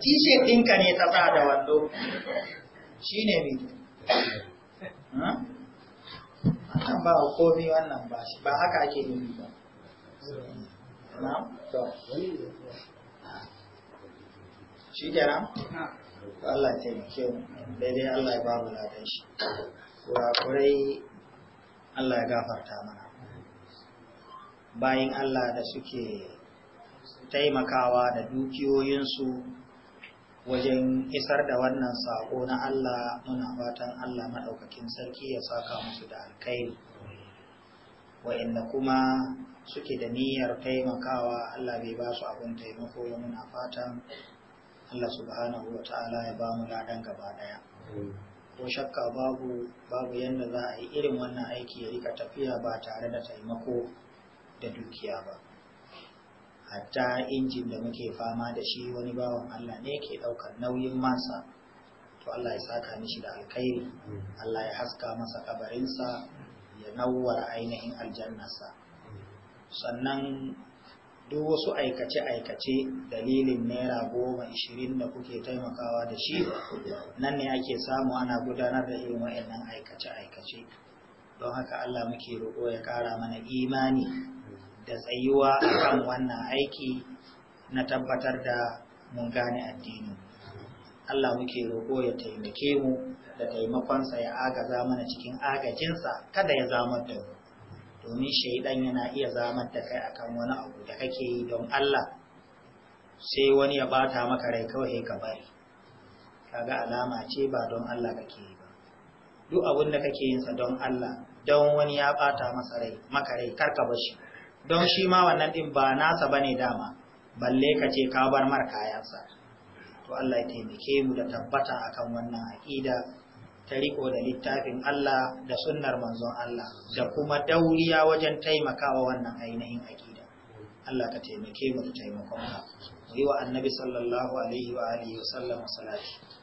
t-shirt ɗinka ne ta sa da wando shi ne mai wannan ba komi wannan ba shi ba haka ake nufi ba shi kenan Allah ta yi kyau daidai Allah ya babu ladan shi kurakurai Allah ya gafarta mana bayan Allah da suke taimakawa da dukiyoyinsu wajen isar da wannan sako na Allah muna fatan Allah maɗaukakin sarki ya saka musu da alkhairi wa'inda kuma suke da niyyar taimakawa Allah bai ba su abin taimako ya muna fatan Allah subhanahu wa ta'ala ya ba mu ladan gaba daya ko shakka babu babu yadda za a yi irin wannan aiki ya rika tafiya ba tare da taimako da dukiya ba hatta injin da muke fama da shi wani bawan Allah ne ke ɗaukar nauyin masa, to Allah ya saka mishi da alkhairi Allah ya haska masa kabarinsa ya nawwara ainihin sa sannan duk wasu aikace-aikace dalilin naira goma ishirin da kuke taimakawa da shi nan ne ake samu ana gudanar da irin wa'annan aikace-aikace don haka Allah muke roƙo ya ƙara mana imani da tsayuwa akan wannan aiki na tabbatar da mun gane addini Allah muke roƙo ya taimake mu da taimakonsa ya agaza mana cikin agajinsa kada ya zamar da mu domin shaidan yana iya zamar da kai akan wani abu da kake yi don Allah sai wani ya bata maka rai kawai ka bari kaga alama ce ba don Allah kake yi ba duk abin da kake yin sa don Allah don wani ya bata masa rai maka rai karka bashi don shi ma wannan ɗin ba nasa ba ne dama balle ka ce ka bar mar kayansa to Allah ya taimake mu da tabbata akan wannan aqida ta riko da littafin Allah da sunnar manzon Allah da kuma dauriya wajen taimakawa wannan ainihin aqida Allah ka taimake mu da taimakon ka yi wa annabi sallallahu alaihi wa alihi wa sallam salati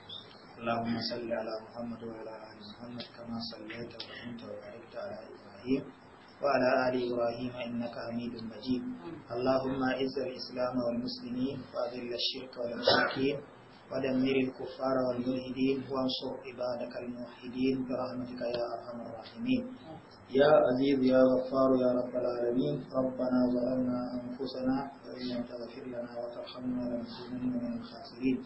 اللهم صل على محمد وعلى ال محمد كما صليت وسلمت وباركت على ابراهيم وعلى آل إبراهيم إنك حميد مجيد اللهم أعز الإسلام والمسلمين وأذل الشرك والمشركين ودمر الكفار والملحدين وانصر عبادك الموحدين برحمتك يا أرحم الراحمين يا عزيز يا غفار يا رب العالمين ربنا ظلمنا أنفسنا وإن لم تغفر لنا وترحمنا لنكونن من الخاسرين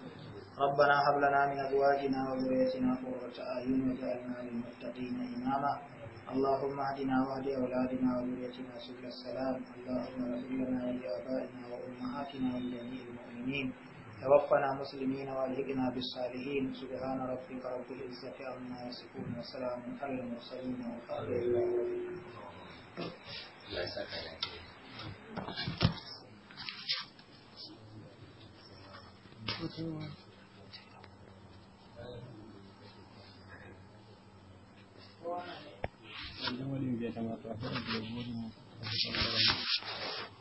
ربنا هب لنا من أزواجنا وذريتنا قرة أعين واجعلنا للمتقين إماما اللهم اهدنا واهد اولادنا وذريتنا سبل السلام اللهم اغفر لنا ولابائنا وامهاتنا ولجميع المؤمنين توفنا مسلمين والحقنا بالصالحين سبحان ربك رب العزه عما يصفون وسلام على المرسلين والحمد لله Thank you. ولي بيتما تحرم بيبوري مطلقا